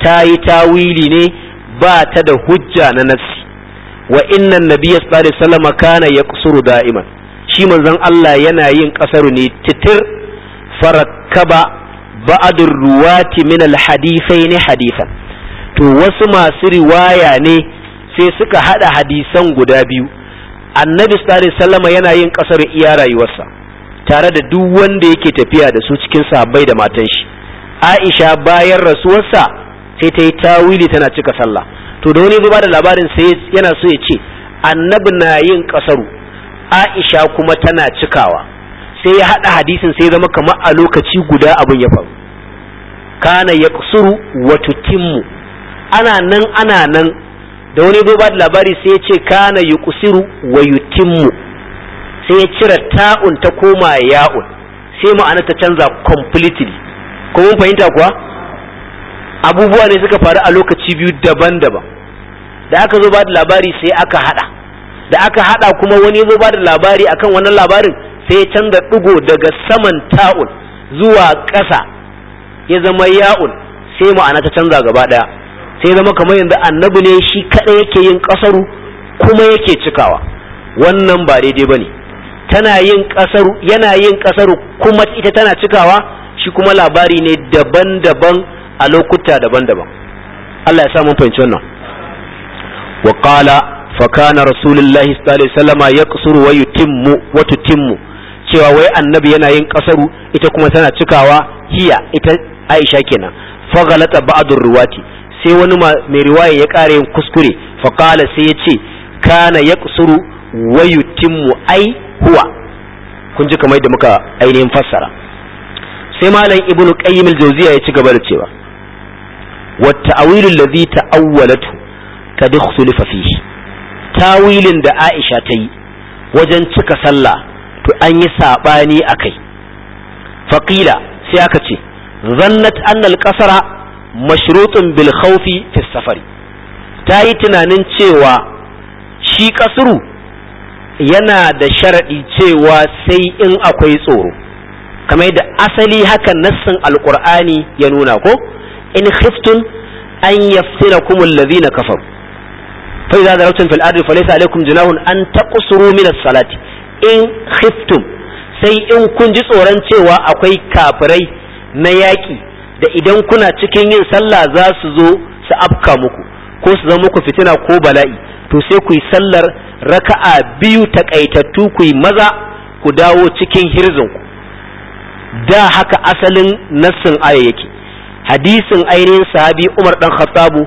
ta yi tawili ne ba ta da hujja na nafsi wa innan nabiyya sallallahu alaihi wasallam kana kusuru da'iman shi manzon Allah yana yin kasaru ne titir farakaba ba'adur ruwati min alhadithain hadithan to wasu masu riwaya ne sai suka hada hadisan guda biyu annabi sallallahu alaihi yana yin kasar iya rayuwarsa tare da duk wanda yake tafiya da su cikin sahabbai da matan shi Aisha bayan rasuwarsa sai ta yi tawili tana cika sallah to da wani zuba da labarin sai yana so ya ce annabi na yin kasaru aisha kuma tana cikawa sai ya haɗa hadisin sai zama kamar a lokaci guda abin ya faru kana ya kusuru wato ana nan ana nan da wani zuba da labari sai ya ce kana ya kusuru wa yutimmu sai ya cire ta'un ta koma ya'un sai ma'ana ta canza completely ko fahimta kuwa abubuwa ne suka faru a lokaci biyu daban-daban da aka zo ba da labari sai aka hada da aka hada kuma wani zo ba da labari akan wannan labarin sai ya canza digo daga saman ta'ul zuwa ƙasa ya zama ya'ul sai ma'ana ta canza gaba daya sai zama kamar yanzu annabi ne shi kadai yake yin kasaru kuma yake cikawa wannan ba daidai bane tana yin kasaru yana yin kasaru kuma ita tana cikawa shi kuma labari ne daban-daban a lokuta daban-daban Allah ya sa mun fahimci wannan wa qala fa kana rasulullahi sallallahu alaihi wasallama yaqsuru wa yutimmu wa tutimmu cewa wai annabi yana yin kasaru ita kuma tana cikawa hiya ita Aisha kenan fa galata ba'dur ruwati sai wani mai riwaya ya kare yin kuskure fa qala sai ya ce kana yaqsuru wa yutimmu ai huwa kun ji kamar da muka ainihin fassara sai malam ibnu qayyim al-jawziya ya ci gaba da cewa والتأويل الذي تأولته قد اختلف فيه تاويل دا عائشة تي وجن تك صلى تو أن يساباني أكي فقيل سيأكتي ظنت أن القصر مشروط بالخوف في السفر تاي تنانين تيوا شي قصرو yana da sharaɗi cewa sai in akwai tsoro kamar da asali haka nassin alkur'ani ya nuna ko in khiftun an yaftinakum alladhina kafaru fa idza darabtum fil ardi falaysa alaykum junahun an taqsuru min as-salati in khiftum sai in kun ji tsoron cewa akwai kafirai na yaƙi da idan kuna cikin yin sallah za su zo su afka muku ko su zama muku fitina ko bala'i to sai ku yi sallar raka'a biyu takaitattu ku yi maza ku dawo cikin hirzinku da haka asalin nassin aya yake hadisin ainihin sahabi Umar ɗan Khattabu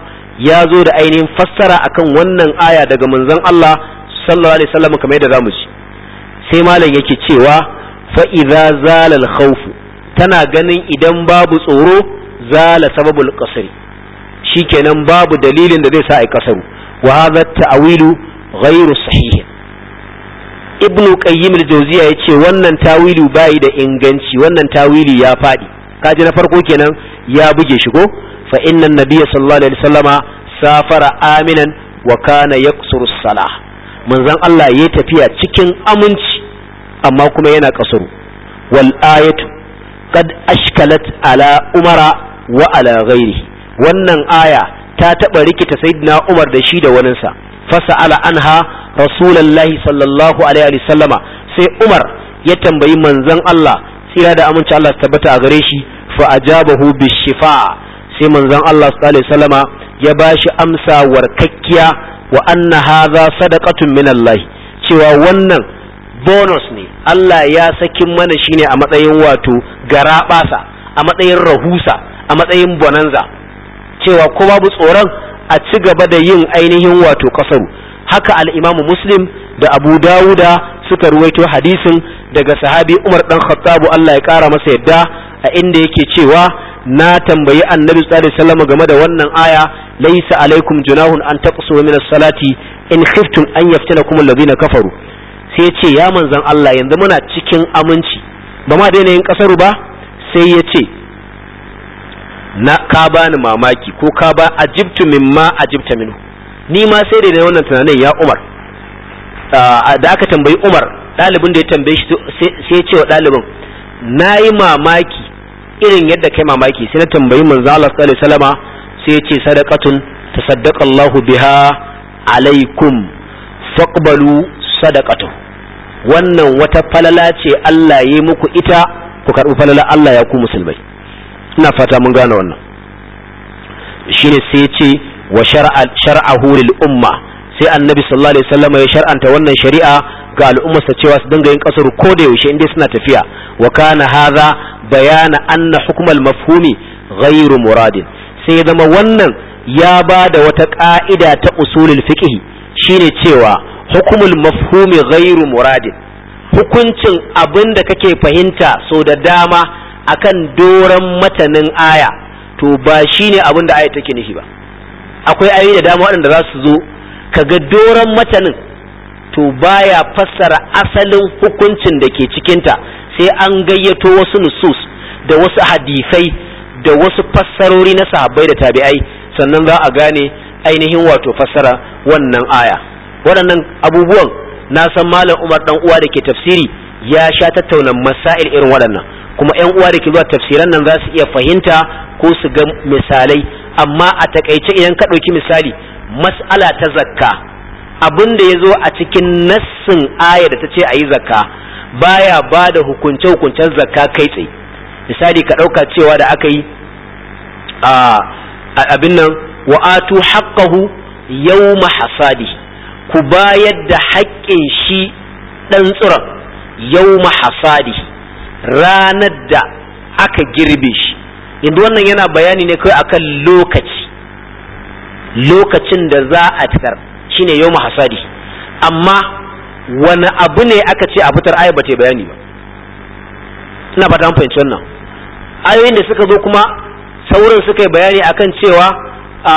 ya zo da ainihin fassara akan wannan aya daga manzon Allah sallallahu alaihi wasallam kamar yadda zamu ci sai malam yake cewa fa idza zala al tana ganin idan babu tsoro zala sababul qasri shikenan babu dalilin da zai sa ai kasaru wa hadha ta'wilu ghairu sahih ibnu qayyim al-jawziya yace wannan tawili bai da inganci wannan tawili ya faɗi. kaji na farko kenan ya buge shi ko fa innan nabiyya sallallahu alaihi wasallama safara aminan wa kana yaqsuru salah manzon Allah ya tafiya cikin aminci amma kuma yana kasuru wal ayatu qad ashkalat ala umara wa ala ghairi wannan aya ta taba rikita sayyidina Umar da shi da waninsa fasa'ala anha rasulullahi sallallahu alaihi wasallama sai Umar ya tambayi manzon Allah tsira da amince Allah su tabbata a gare shi fa ajabahu bishifa sai manzon Allah sallallahu alaihi wasallama ya bashi amsa warkakkiya wa anna hadha sadaqatun min Allah cewa wannan bonus ne Allah ya saki mana shine a matsayin wato garaɓasa, a matsayin rahusa a matsayin bonanza cewa ko babu tsoron a ci gaba da yin ainihin wato kasaru haka al-Imam Muslim da Abu Dawuda suka ruwaito hadisin daga sahabi Umar dan Khattab Allah ya kara masa yadda a inda yake cewa na tambayi Annabi sallallahu alaihi wasallam game da wannan aya laysa alaikum junahun an taqsu min as-salati in khiftum an yaftinakum alladhina kafaru sai ya ce ya manzon Allah yanzu muna cikin aminci ba ma daina yin kasaru ba sai ya ce na ka bani mamaki ko ka ba ajibtu mimma ajibta minhu ni ma sai da wannan tunanin ya Umar Ah, da aka tambayi Umar ɗalibin da ya tambaye shi sai ya ce wa ɗalibin na yi mamaki irin yadda kai mamaki sai na tambayi manzo Allah sallallahu alaihi wasallama sai ya ce sadaqatun tasaddaqa Allahu biha alaikum faqbalu sadaqatu wannan wata falala ce Allah ya yi muku ita ku karbi falala Allah ya ku musulmai ina fata mun gane wannan shine sai ya ce wa shar'ahu lil umma sai annabi sallallahu alaihi wasallam ya shar'anta wannan shari'a ga al'ummar sa cewa su dinga yin kasar ko da yaushe inda suna tafiya wa kana hadha bayana anna hukmal mafhumi ghairu muradin sai ya zama wannan ya ba da wata ka'ida ta usulul fiqh shine cewa hukumul mafhumi ghairu muradin hukuncin abin da kake fahimta so da dama akan doran matanin aya to ba shine abin da aya take nufi ba akwai ayoyi da dama waɗanda za su zo kaga doron matanin to baya fassara asalin hukuncin da ke cikinta sai an gayyato wasu nusus da wasu hadisai da wasu fassarori na sahabbai da tabi'ai sannan za a gane ainihin wato fassara wannan aya waɗannan abubuwan na san malam umar dan uwa da ke tafsiri ya sha tattauna masail irin waɗannan kuma yan uwa da ke zuwa tafsiran nan za su iya fahimta ko su ga misalai amma a takaice idan ka ɗauki misali mas'ala ta zakka abin da ya zo a cikin nassin aya da ta ce a yi zakka baya ba da hukunce hukuncen zakka kai tsaye misali ka ɗauka cewa da aka yi a abin nan wa'atu haqqahu yawma hasadi ku bayar da haƙƙin shi ɗan tsiron yawma hasadi ranar da aka girbe shi yanzu wannan yana bayani ne kai akan lokaci lokacin da za a fitar shine yau hasadi amma wani abu ne aka ce a fitar ayar ta bayani ba ina ba ta fahimci wannan ayoyin da suka zo kuma sauran suka yi bayani akan cewa a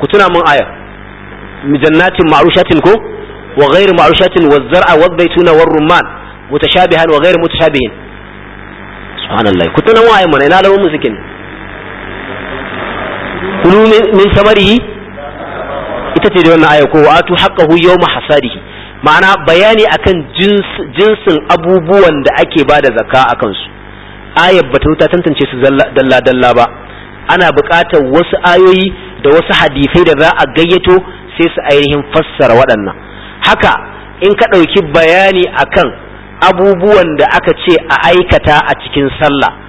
ku tuna mun ayar mujannatin ma'rushatin ko wa ghairu ma'rushatin wa zar'a wa zaituna wa rumman mutashabihan wa ghairu mutashabihin subhanallahi ku tuna mun ayar mana ina lamun musikin kulu min samari ita ce da wannan aya ko watu haqqahu yawma hasadihi ma'ana bayani akan jinsin abubuwan da ake ba da zakka akan su ayar bata ta tantance su dalla dalla ba ana buƙatar wasu ayoyi da wasu hadisai da za a gayyato sai su ainihin fassara waɗannan haka in ka ɗauki bayani akan abubuwan da aka ce a aikata a cikin sallah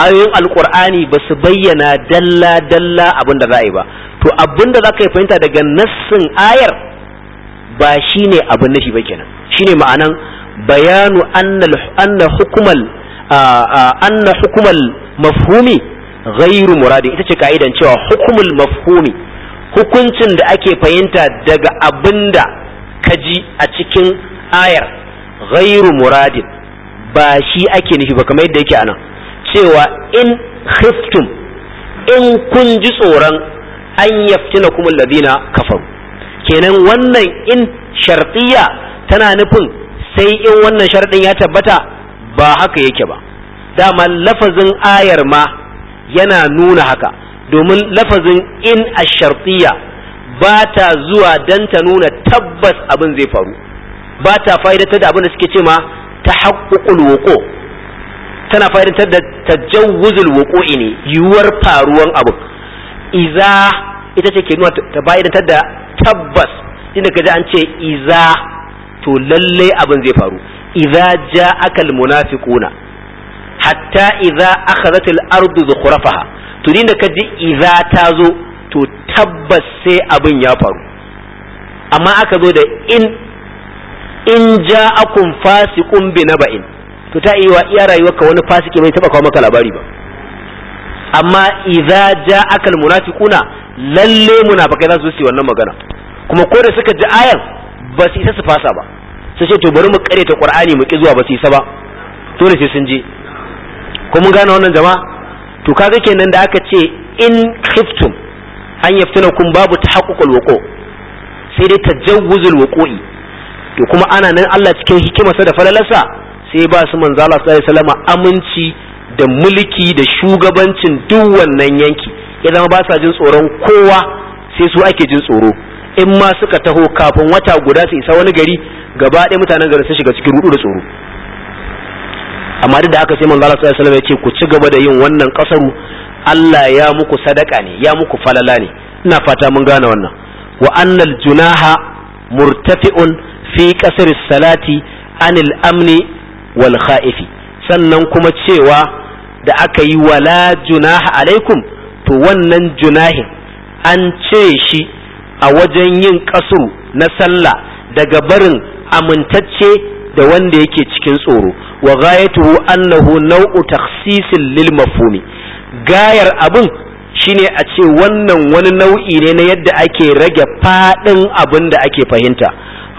ayoyin alkur'ani ba su bayyana dalla dalla abin da za a yi ba to abin da za ka yi fahimta daga nassin ayar ba shine abin nafi ba kenan shine ma'anan bayanu anna hukumal anna hukumal mafhumi ghairu muradi ita ce ka'idan cewa hukumul mafhumi hukuncin da ake fahimta daga abinda da ka ji a cikin ayar ghairu muradin ba shi ake nufi ba kamar yadda yake anan cewa in khiftum in kun ji tsoron an yaftina kuma ladina kafaru kenan wannan in shartiya tana nufin sai in wannan sharɗin ya tabbata ba haka yake ba dama lafazin ayar ma yana nuna haka domin lafazin in a shartiya ba ta zuwa dan ta nuna tabbas abin zai faru ba ta fa'idatar da abin da suke ce ma ta haƙƙuƙul tana fa'idantar da tajawuzul wuqu'i ne yiwuwar faruwan abu iza ita ce ke nuna ta fa'idantar da tabbas inda kaje an ce iza to lalle abin zai faru iza ja ja'akal munafiquna hatta iza akhadhatil ardu zukhrafaha to inda kaje iza ta zo to tabbas sai abin ya faru amma aka zo da in in ja'akum fasiqun bi naba'in to ta iya iya rayuwarka wani fasiki bai taba kawo maka labari ba amma idza akal munafiquna lalle munafikai za su yi wannan magana kuma ko da suka ji ayar ba su isa su fasa ba sai ce to bari mu kare ta qur'ani mu ki zuwa ba su isa ba To ne sai sun je ko mun gane wannan jama'a to kaga kenan da aka ce in khiftum an kun babu ta tahaqququl wuqu sai dai tajawuzul wuqu'i to kuma ana nan Allah cikin hikimarsa da falalarsa sai ba su manzo Allah sallallahu alaihi wasallam aminci da mulki da shugabancin duk wannan yanki ya zama ba sa jin tsoron kowa sai su ake jin tsoro in ma suka taho kafin wata guda su isa wani gari gaba ɗaya mutanen garin sun shiga cikin rudu da tsoro amma duk da aka sai manzo Allah sallallahu alaihi wasallam ya ce ku ci gaba da yin wannan kasaru Allah ya muku sadaka ne ya muku falala ne ina fata mun gane wannan wa annal junaha murtafi'un fi qasri salati anil amni wal kha'ifi sannan kuma cewa da aka yi wala junaha alaikum to wannan junahin an ce shi a wajen yin kasuru na sallah daga barin amintacce da wanda yake cikin tsoro wa ghayatuhu annahu naw'u takhsisin lil mafhumi gayar abin shine a ce wannan wani nau'i ne na yadda ake rage fadin abin da ake fahimta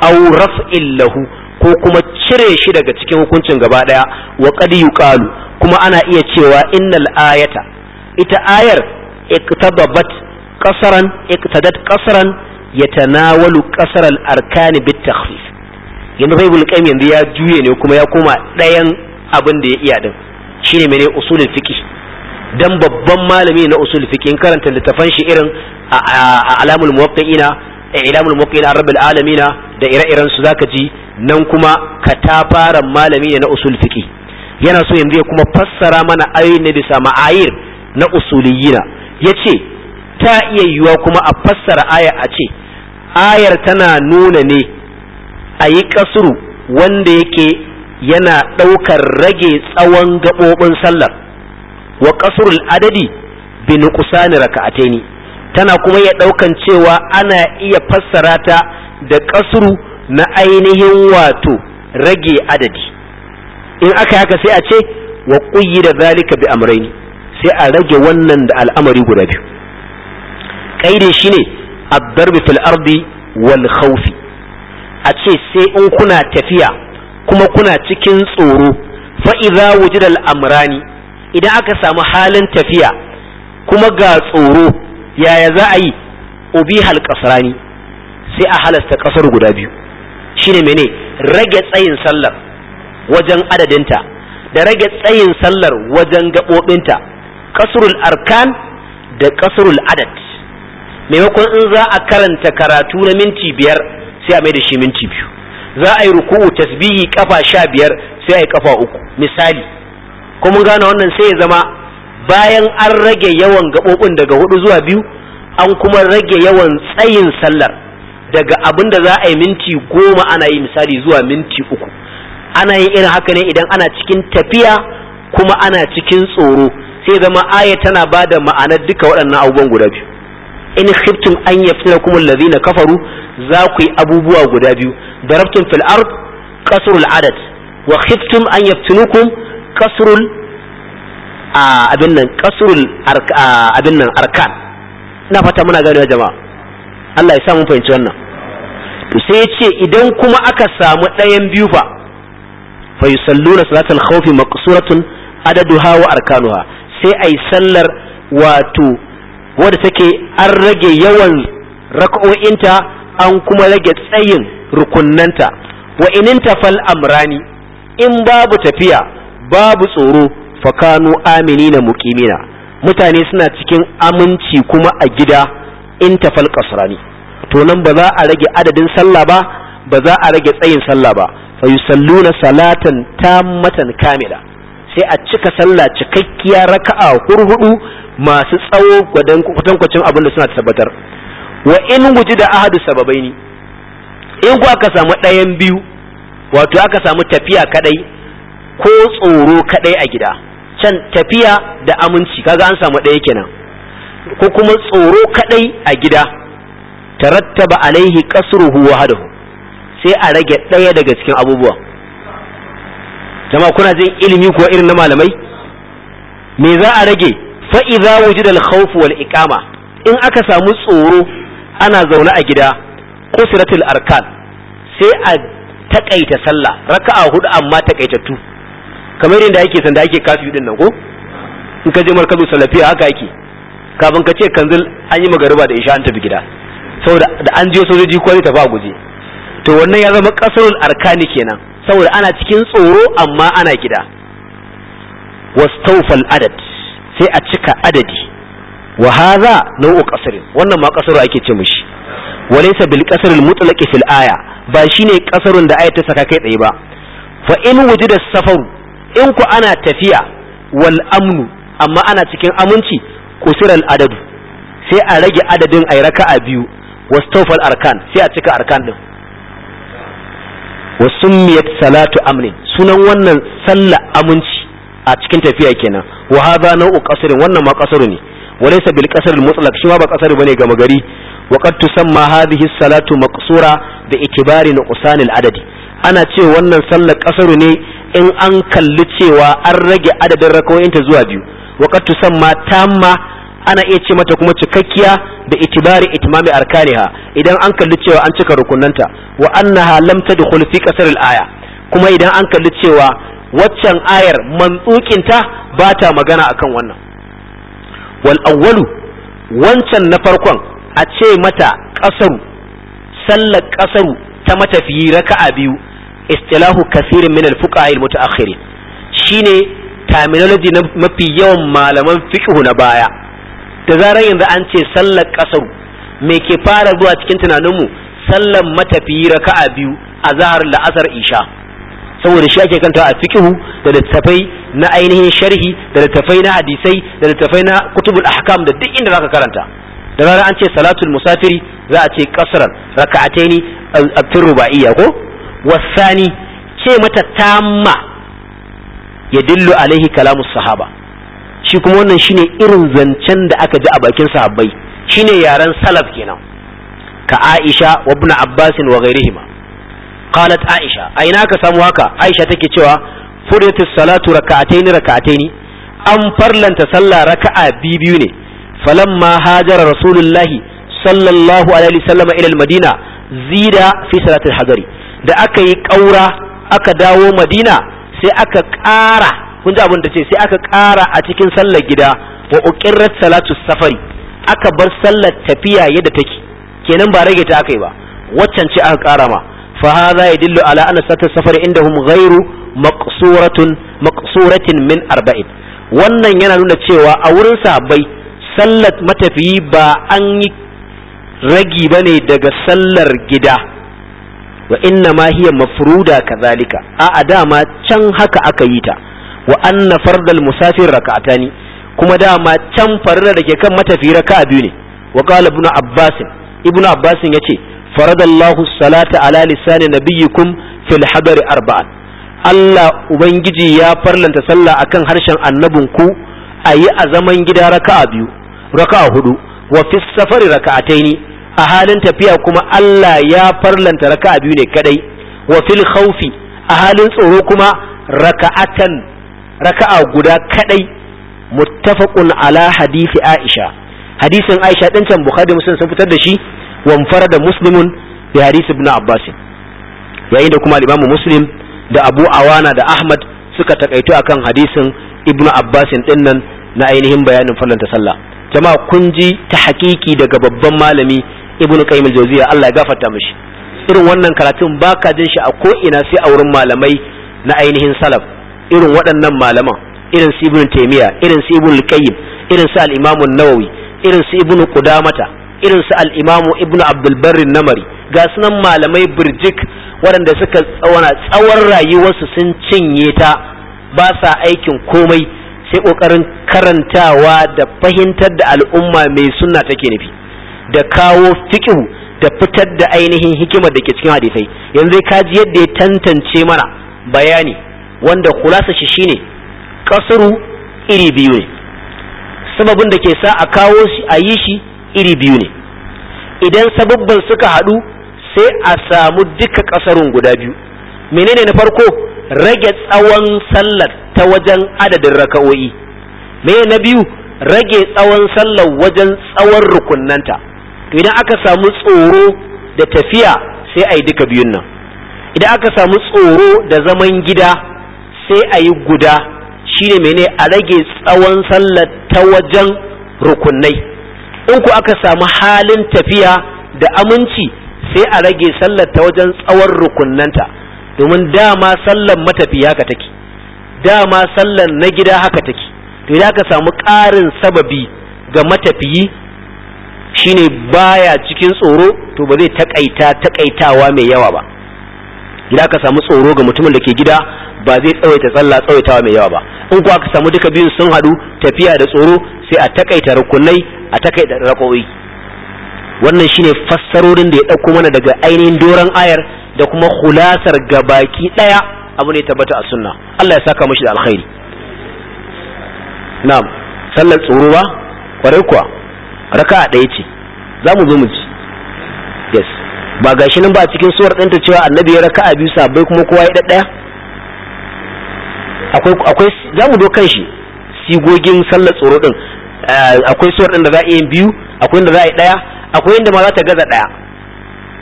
aw raf'in lahu ko kuma cire shi daga cikin hukuncin gaba daya wa qad yuqalu kuma ana iya cewa innal ayata ita ayar iktadabat qasaran iktadat qasaran yatanawalu qasar al arkani bit takhfif yanzu bai bulqaim yanzu ya juye ne kuma ya koma dayan abin da ya iya din shine mene usulul fiqh dan babban malami na usul fiqh in karanta littafan shi irin alamul muwaqqi'ina ilamul muwaqqi'ina rabbil alamina da ire-iren su zaka ji nan kuma katafaren malami ne na usul fiqi yana so yanzu ya kuma fassara mana ayoyi na bisa ma'ayir na usuliyina ya ce ta iya yiwuwa kuma a fassara aya a ce ayar tana nuna ne a yi kasuru wanda yake yana ɗaukar rage tsawon gaɓoɓin sallar wa kasurul adadi bi nuqsani raka'ataini tana kuma ya ɗaukan cewa ana iya fassara ta da kasru na ainihin wato rage adadi in aka haka sai a ce wa da zalika bi amrayn sai a rage wannan da al'amari guda biyu kaidin shine ad darbi fil ardi wal khawfi a ce sai in kuna tafiya kuma kuna cikin tsoro fa idza wujida al-amrani idan aka samu halin tafiya kuma ga tsoro yaya za a yi ubi halkasrani sai a halasta kasar guda biyu shine mene rage tsayin sallar wajen adadinta da rage tsayin sallar wajen gaɓoɓinta kasurul arkan da kasurul adad maimakon in za a karanta karatu na minti biyar sai a mai da shi minti biyu za a yi ruku'u tasbihi kafa sha biyar sai a yi kafa uku misali kuma gane wannan sai ya zama bayan an rage yawan gaɓoɓin daga hudu zuwa biyu an kuma rage yawan tsayin sallar daga abin da za a yi minti goma ana yi misali zuwa minti uku ana yin irin haka ne idan ana cikin tafiya kuma ana cikin tsoro sai zama aya tana ba da ma'anar duka waɗannan abubuwan guda biyu in khiftum an kuma lazina kafaru za ku yi abubuwa guda biyu da fil ard qasrul adad wa khiftum an yaftinukum kuma abin abin nan arkan na fata muna gani jama'a Allah ya sa mun fahimci wannan to sai ya ce idan kuma aka samu ɗayan biyu fa fa yusalluna salatul khawfi maqsuratun adaduha wa arkanuha sai ai sallar wato wadda take an rage yawan rak'o'inta an kuma rage tsayin rukunnanta wa ininta fal amrani in babu tafiya babu tsoro fa fakanu aminina muqimina mutane suna cikin aminci kuma a gida in tafal kasrani to nan ba za a rage adadin sallah ba ba za a rage tsayin sallah ba fa yusalluna salatan tammatan kamila sai a cika sallah cikakkiya raka'a hurhudu masu tsawo gwadan kwatankwacin abin da suna tabbatar wa in guji da ahadu sababaini in ku aka samu ɗayan biyu wato aka samu tafiya kadai ko tsoro kadai a gida can tafiya da aminci kaga an samu ɗaya kenan ko kuma tsoro kadai a gida tarattaba alaihi kasruhu hadahu sai a rage ɗaya daga cikin abubuwa jama'a kuna jin ilimi ko irin na malamai me za a rage fa idza wujida al-khawf wal iqama in aka samu tsoro ana zaune a gida kusratul arkan sai a takaita sallah raka'a hudu amma takaitattu kamar yadda ake sanda ake kafi din nan ko in ka je markazu salafiya haka yake kafin ka ce kanzil an yi magariba da isha an tafi gida saboda da an jiyo sojoji ko zai tafi guje to wannan ya zama kasarun arkani kenan saboda ana cikin tsoro amma ana gida wastaufal adad sai a cika adadi wa hadha nau'u qasrin wannan ma kasaro ake ce mishi walaysa bil qasril mutlaqi fil aya ba shine kasarun da ayatu saka kai tsaye ba fa in wujida safaru in ku ana tafiya wal amnu amma ana cikin aminci kusiral adadu sai a rage adadin ai raka'a biyu wastawfal arkan sai a cika arkan din wasummiyat salatu amnin sunan wannan sallah aminci a cikin tafiya kenan wa hadha nau'u qasrin wannan ma qasru ne walaysa bil qasr al mutlaq shi ma ba qasru bane ga magari wa qad tusamma hadhihi salatu maqsura bi itibari nuqsan al adadi ana ce wannan sallar qasru ne in an kalli cewa an rage adadin ta zuwa biyu wa qad tusamma tamma ana iya ce mata kuma cikakkiya da itibari itmami arkaniha idan an kalli cewa an cika rukunanta wa annaha lam tadkhul fi qasr al-aya kuma idan an kalli cewa waccan ayar mantsukinta ba ta magana akan wannan wal awwalu wancan na farkon a ce mata qasaru sallar qasaru ta matafiyi raka'a biyu istilahu kathirin min al-fuqaha al-mutaakhirin shine terminology na mafi yawan malaman fiqhu na baya da zarar yanzu an ce sallar ƙasar me ke fara zuwa cikin tunaninmu sallar matafiyi raka'a biyu a zahar la'asar isha saboda shi ake kanta a fiqhu da littafai na ainihin sharhi da littafai na hadisai da littafai na kutubul ahkam da duk inda zaka karanta da zarar an ce salatul musafiri za a ce kasran raka'ataini at-ruba'iyya ko wasani ce mata tamma yadullu alaihi kalamus sahaba shi kuma wannan shine irin zancen da aka ji a bakin sahabbai shine yaren salaf kenan ka Aisha wa ibn Abbas wa ghairihima qalat Aisha a ina ka samu haka Aisha take cewa furiyatus salatu rak'ataini rak'ataini an farlanta sallah raka'a biyu ne falamma hajara rasulullahi sallallahu alaihi wasallam ila almadina madina zida fi salatil hadari da aka yi kaura aka dawo madina sai aka ƙara kun ji abin da ce sai aka ƙara a cikin sallar gida wa uqirrat salatu safari aka bar sallar tafiya yadda take kenan ba rage ta akai ba waccan ce aka ƙara ma fa hadha yadullu ala anna salatu safari indahum ghairu maqsuratun maqsuratin min arba'in wannan yana nuna cewa a wurin sa bai sallar matafiyi ba an yi ragi bane daga sallar gida wa inna ma hiya mafruda kazalika a adama can haka aka yi ta wa anna fardal musafir raka'atani kuma dama can farada da ke kan matafi raka'a biyu ne wa qala ibnu abbas ibnu abbas yace faradallahu salata ala lisani nabiyyikum fil hadar arba'an Allah ubangiji ya farlanta sallah akan harshen annabin ku ayi a zaman gida raka'a biyu raka'a hudu wa fi safari raka'ataini a halin tafiya kuma Allah ya farlanta raka'a biyu ne kadai wa fil khawfi a halin tsoro kuma raka'atan raka'a guda kadai muttafaqun ala hadisi aisha hadisin aisha din can bukhari muslim sun fitar da shi wa da muslimun bi hadisi ibn abbas yayin da kuma al imam muslim da abu awana da ahmad suka takaito akan hadisin ibn abbas din nan na ainihin bayanin ta sallah jama'a kun ji ta hakiki daga babban malami ibn qayyim al jawziyya Allah ya gafarta mishi irin wannan karatun baka jin shi a ko ina sai a wurin malamai na ainihin salaf irin waɗannan malaman irin su ibn taymiya irin su ibn qayyim irin su al-imam an-nawawi irin su ibn qudamata irin su al-imam ibn al barr namari ga sunan malamai birjik waɗanda suka tsawana tsawon rayuwarsu sun cinye ta ba sa aikin komai sai kokarin karantawa da fahimtar da al'umma mai sunna take nufi da kawo fiqhu da fitar da ainihin hikimar da ke cikin hadisai yanzu kaji yadda ya tantance mana bayani wanda kulasa shi shine kasuru iri biyu ne sababin da ke sa a kawo shi a yi shi iri biyu ne idan sababban suka haɗu sai a samu duka kasarun guda biyu menene na farko rage tsawon sallar ta wajen adadin raka'o'i me na biyu rage tsawon sallar wajen tsawon rukunnanta idan aka samu tsoro da tafiya sai a duka biyun nan idan aka samu tsoro da zaman gida sai a yi guda shine mene a rage tsawon sallar ta wajen rukunai in ku aka samu halin tafiya da aminci sai a rage sallar ta wajen tsawon rukunanta domin dama sallar matafiya haka take dama sallar na gida haka take to idan aka samu ƙarin sababi ga matafiyi shine baya cikin tsoro to ba zai takaita takaitawa mai yawa ba Ina ka samu tsoro ga mutumin da ke gida ba zai tsawaita tsalla tsawaitawa mai yawa ba in kuwa aka samu duka biyun sun hadu tafiya da tsoro sai a takaita rukunai a takaita rako'i wannan shine fassarorin da ya ɗauko mana daga ainihin doron ayar da kuma hulasar gabaki ɗaya abu ne tabbata a sunna Allah ya saka mashi da alkhairi na'am sallar tsoro ba kwarai kuwa raka'a ɗaya ce za mu zo mu ci yes ba gashi nan ba cikin suwar ɗinta cewa annabi ya raka'a biyu sabai kuma kowa ya ɗaɗɗaya akwai akwai za mu dokan shi sigogin sallar tsoro ɗin eh, akwai suwar ɗin da za a yi biyu akwai inda za a yi ɗaya akwai inda ma za ta gaza ɗaya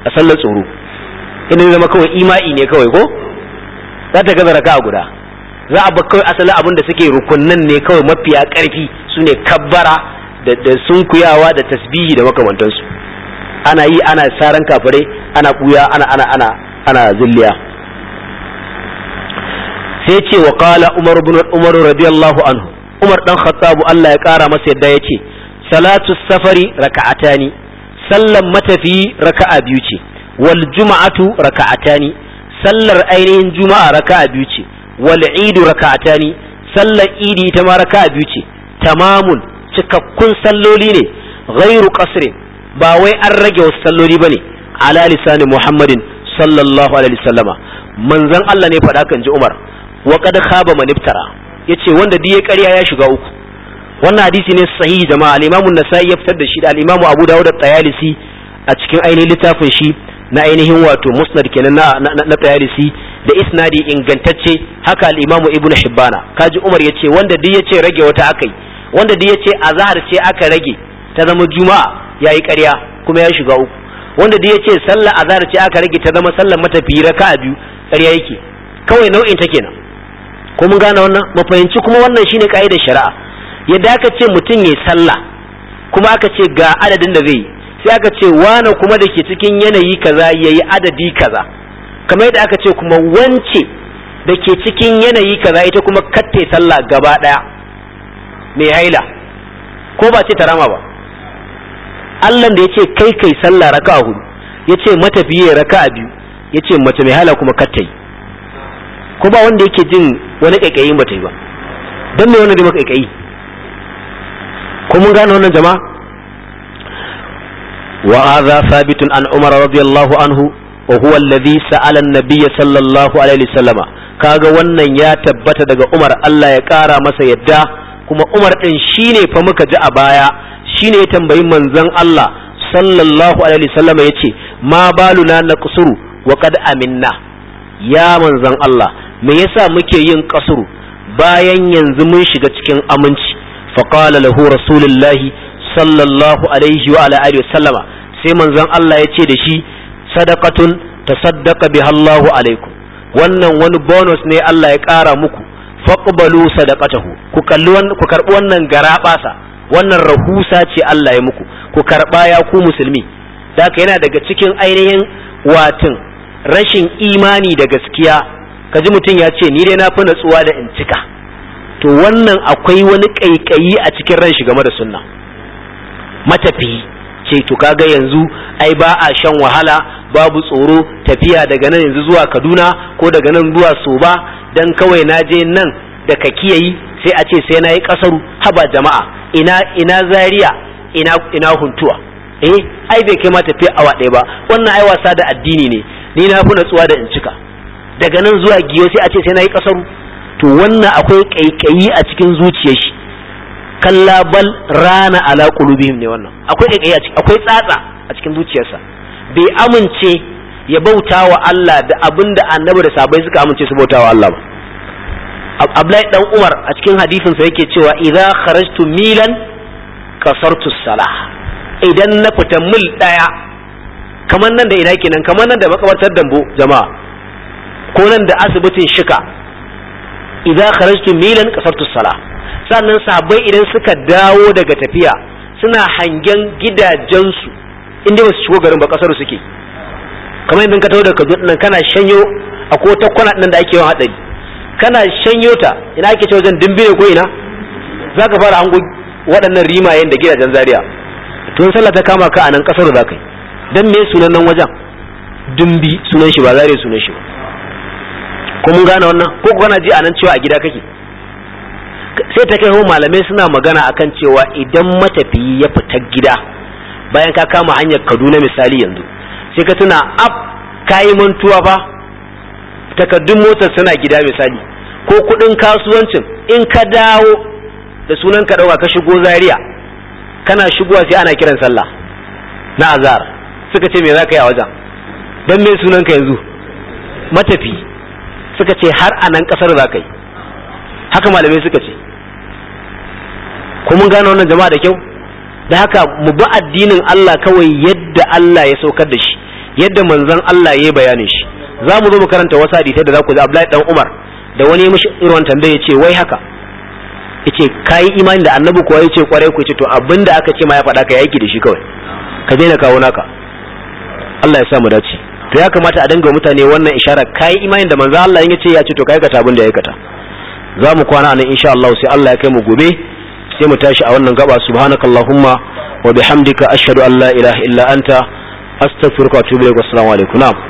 a sallar tsoro inda zama kawai ima'i ne kawai ko za ta gaza raka'a guda za a ba kawai asali abin da suke rukunnan ne kawai mafiya ƙarfi su ne kabbara da sunkuyawa da tasbihi da makamantansu ana yi ana saran kafirai ana buya ana ana ana ana zulliya sai ce wa qala umar ibn umar radiyallahu anhu umar dan khattab Allah ya kara masa yadda ce. salatu safari raka'atani sallan matafi raka'a biyu ce wal juma'atu raka'atani sallar ainihin juma'a raka'a biyu ce wal idu raka'atani sallar idi ta ma raka'a biyu ce tamamun cikakkun salloli ne ghairu qasrin ba wai an rage wasu salloli bane ala lisani muhammadin sallallahu alaihi sallama, manzon Allah ne faɗa kan ji Umar wa qad khaba man Ya ce wanda diye ƙarya ya shiga uku wannan hadisi ne sahihi jama'a al-Imam nasai ya fitar da shi da al-Imam Abu Dawud at-Tayalisi a cikin ainihin littafin shi na ainihin wato Musnad kenan na na Tayalisi da isnadi ingantacce haka al-Imam Ibn Hibbana kaji Umar ce wanda duk ce rage wata akai wanda duk ce azhar ce aka rage ta zama juma'a ya yi ƙarya kuma ya shiga uku wanda da sallah a zara ce aka rage ta zama matafi matafiyi a biyu ƙarya yake kawai nau'in ta kenan ko mun gane wannan mu fahimci kuma wannan shine ka'idar shari'a yadda aka ce mutum ya sallah kuma aka ce ga adadin da zai yi sai aka ce wane kuma da ke cikin yanayi kaza ya yi adadi kaza kamar yadda aka ce kuma wance da ke cikin yanayi kaza ita kuma katte sallah gaba ɗaya mai haila ko ba ce ta rama ba Allah da yace kai kai sallah raka'a hudu yace matafiye raka'a biyu yace mace mai hala kuma kattai ko ba wanda yake jin wani kaikayi bata yi ba dan me wani da maka kaikayi ko mun gane wannan jama'a wa hadha sabitun an umar radiyallahu anhu wa huwa alladhi sa'ala an-nabiy sallallahu alaihi wasallam kaga wannan ya tabbata daga Umar Allah ya kara masa yadda kuma Umar din shine fa muka ji a baya shine ya tambayi manzon Allah sallallahu alaihi wasallam ce ma baluna kusuru wa kad aminna ya manzon Allah me yasa muke yin kasuru bayan yanzu mun shiga cikin aminci qala lahu rasulullahi sallallahu alaihi wa ala alihi wasallama sai manzon Allah ce da shi sadaqatun tasaddaqa biha Allahu alaikum wannan wani bonus ne Allah ya ƙara muku faqbalu sadaqatahu ku kalli ku karbi wannan garabasa wannan rahusa ce Allah ya muku ku karba ya ku musulmi haka yana daga cikin ainihin watin rashin imani da gaskiya kaji mutum ya ce ni dai na fi natsuwa da in cika to wannan akwai wani kaikayi a cikin ran shi game da sunna matafi ce to kaga yanzu ai ba a shan wahala babu tsoro tafiya daga nan yanzu zuwa Kaduna ko daga nan zuwa Soba dan kawai na je nan da ka kiyayi. sai a ce sai na yi kasaru haba jama'a ina ina zariya ina ina huntuwa eh ai bai kai ma tafi awa ɗaya ba wannan ai wasa da addini ne ni na fi natsuwa da in cika daga nan zuwa giyo sai a ce sai na yi kasaru to wannan akwai kaikayi a cikin zuciyar shi kalla bal rana ala qulubihim ne wannan akwai kaikayi a cikin akwai tsatsa a cikin zuciyarsa bai amince ya bauta wa Allah da abin da annabi da sabai suka amince su bautawa wa Allah ba Abdullahi dan Umar a cikin hadisin sa yake cewa idza kharajtu milan kasartu salah idan na fita mil daya kamar nan da ina kenan kamar nan da makabartar dambo jama'a ko nan da asibitin shika idza kharajtu milan kasartu salah sannan sahabbai idan suka dawo daga tafiya suna hangen gidajensu inda ba su shigo garin ba kasar suke kamar idan ka taho daga kaduna kana shanyo a ko ta kwana nan da ake yawan hadari kana shanyo ta ina ake cewa wajen dimbire ko ina za ka fara hango waɗannan rimayen da gidajen zaria tun sallah ta kama ka a nan ƙasar za ka yi don me sunan nan wajen dimbi sunan shi ba zaria sunan shi ba ko mun gane wannan ko kana ji a nan cewa a gida kake sai ta kai malamai suna magana akan cewa idan matafiyi ya fita gida bayan ka kama hanyar kaduna misali yanzu sai ka tuna ab kayi mantuwa fa takaddun motar suna gida misali ko kuɗin kasuwancin in ka dawo da sunan ka ɗauka ka shigo zaria kana shigowa sai ana kiran sallah na azar suka ce me za ka yi a wajen don me sunan ka yanzu matafi suka ce har a nan ƙasar za ka yi haka malamai suka ce ko mun gane wannan jama'a da kyau da haka mu bi addinin Allah kawai yadda Allah ya saukar da shi yadda manzon Allah ya yi bayanin shi za mu zo mu karanta wasa hadisai da za ku ji Abdullahi dan Umar da wani mishi irin tambaya ce wai haka yace kai imani da annabi ko yace kwarai ku yace to abinda aka ce ma ya faɗa ka yaki da shi kawai ka daina kawo naka Allah ya sa mu dace to ya kamata a dinga mutane wannan ishara kai imani da manzo Allah yace ya ce to kai ka ta abin da ya kata za mu kwana nan insha Allah sai Allah ya kai mu gobe sai mu tashi a wannan gaba subhanakallahumma wa bihamdika ashhadu an la ilaha illa anta astaghfiruka wa atubu ilaik assalamu alaikum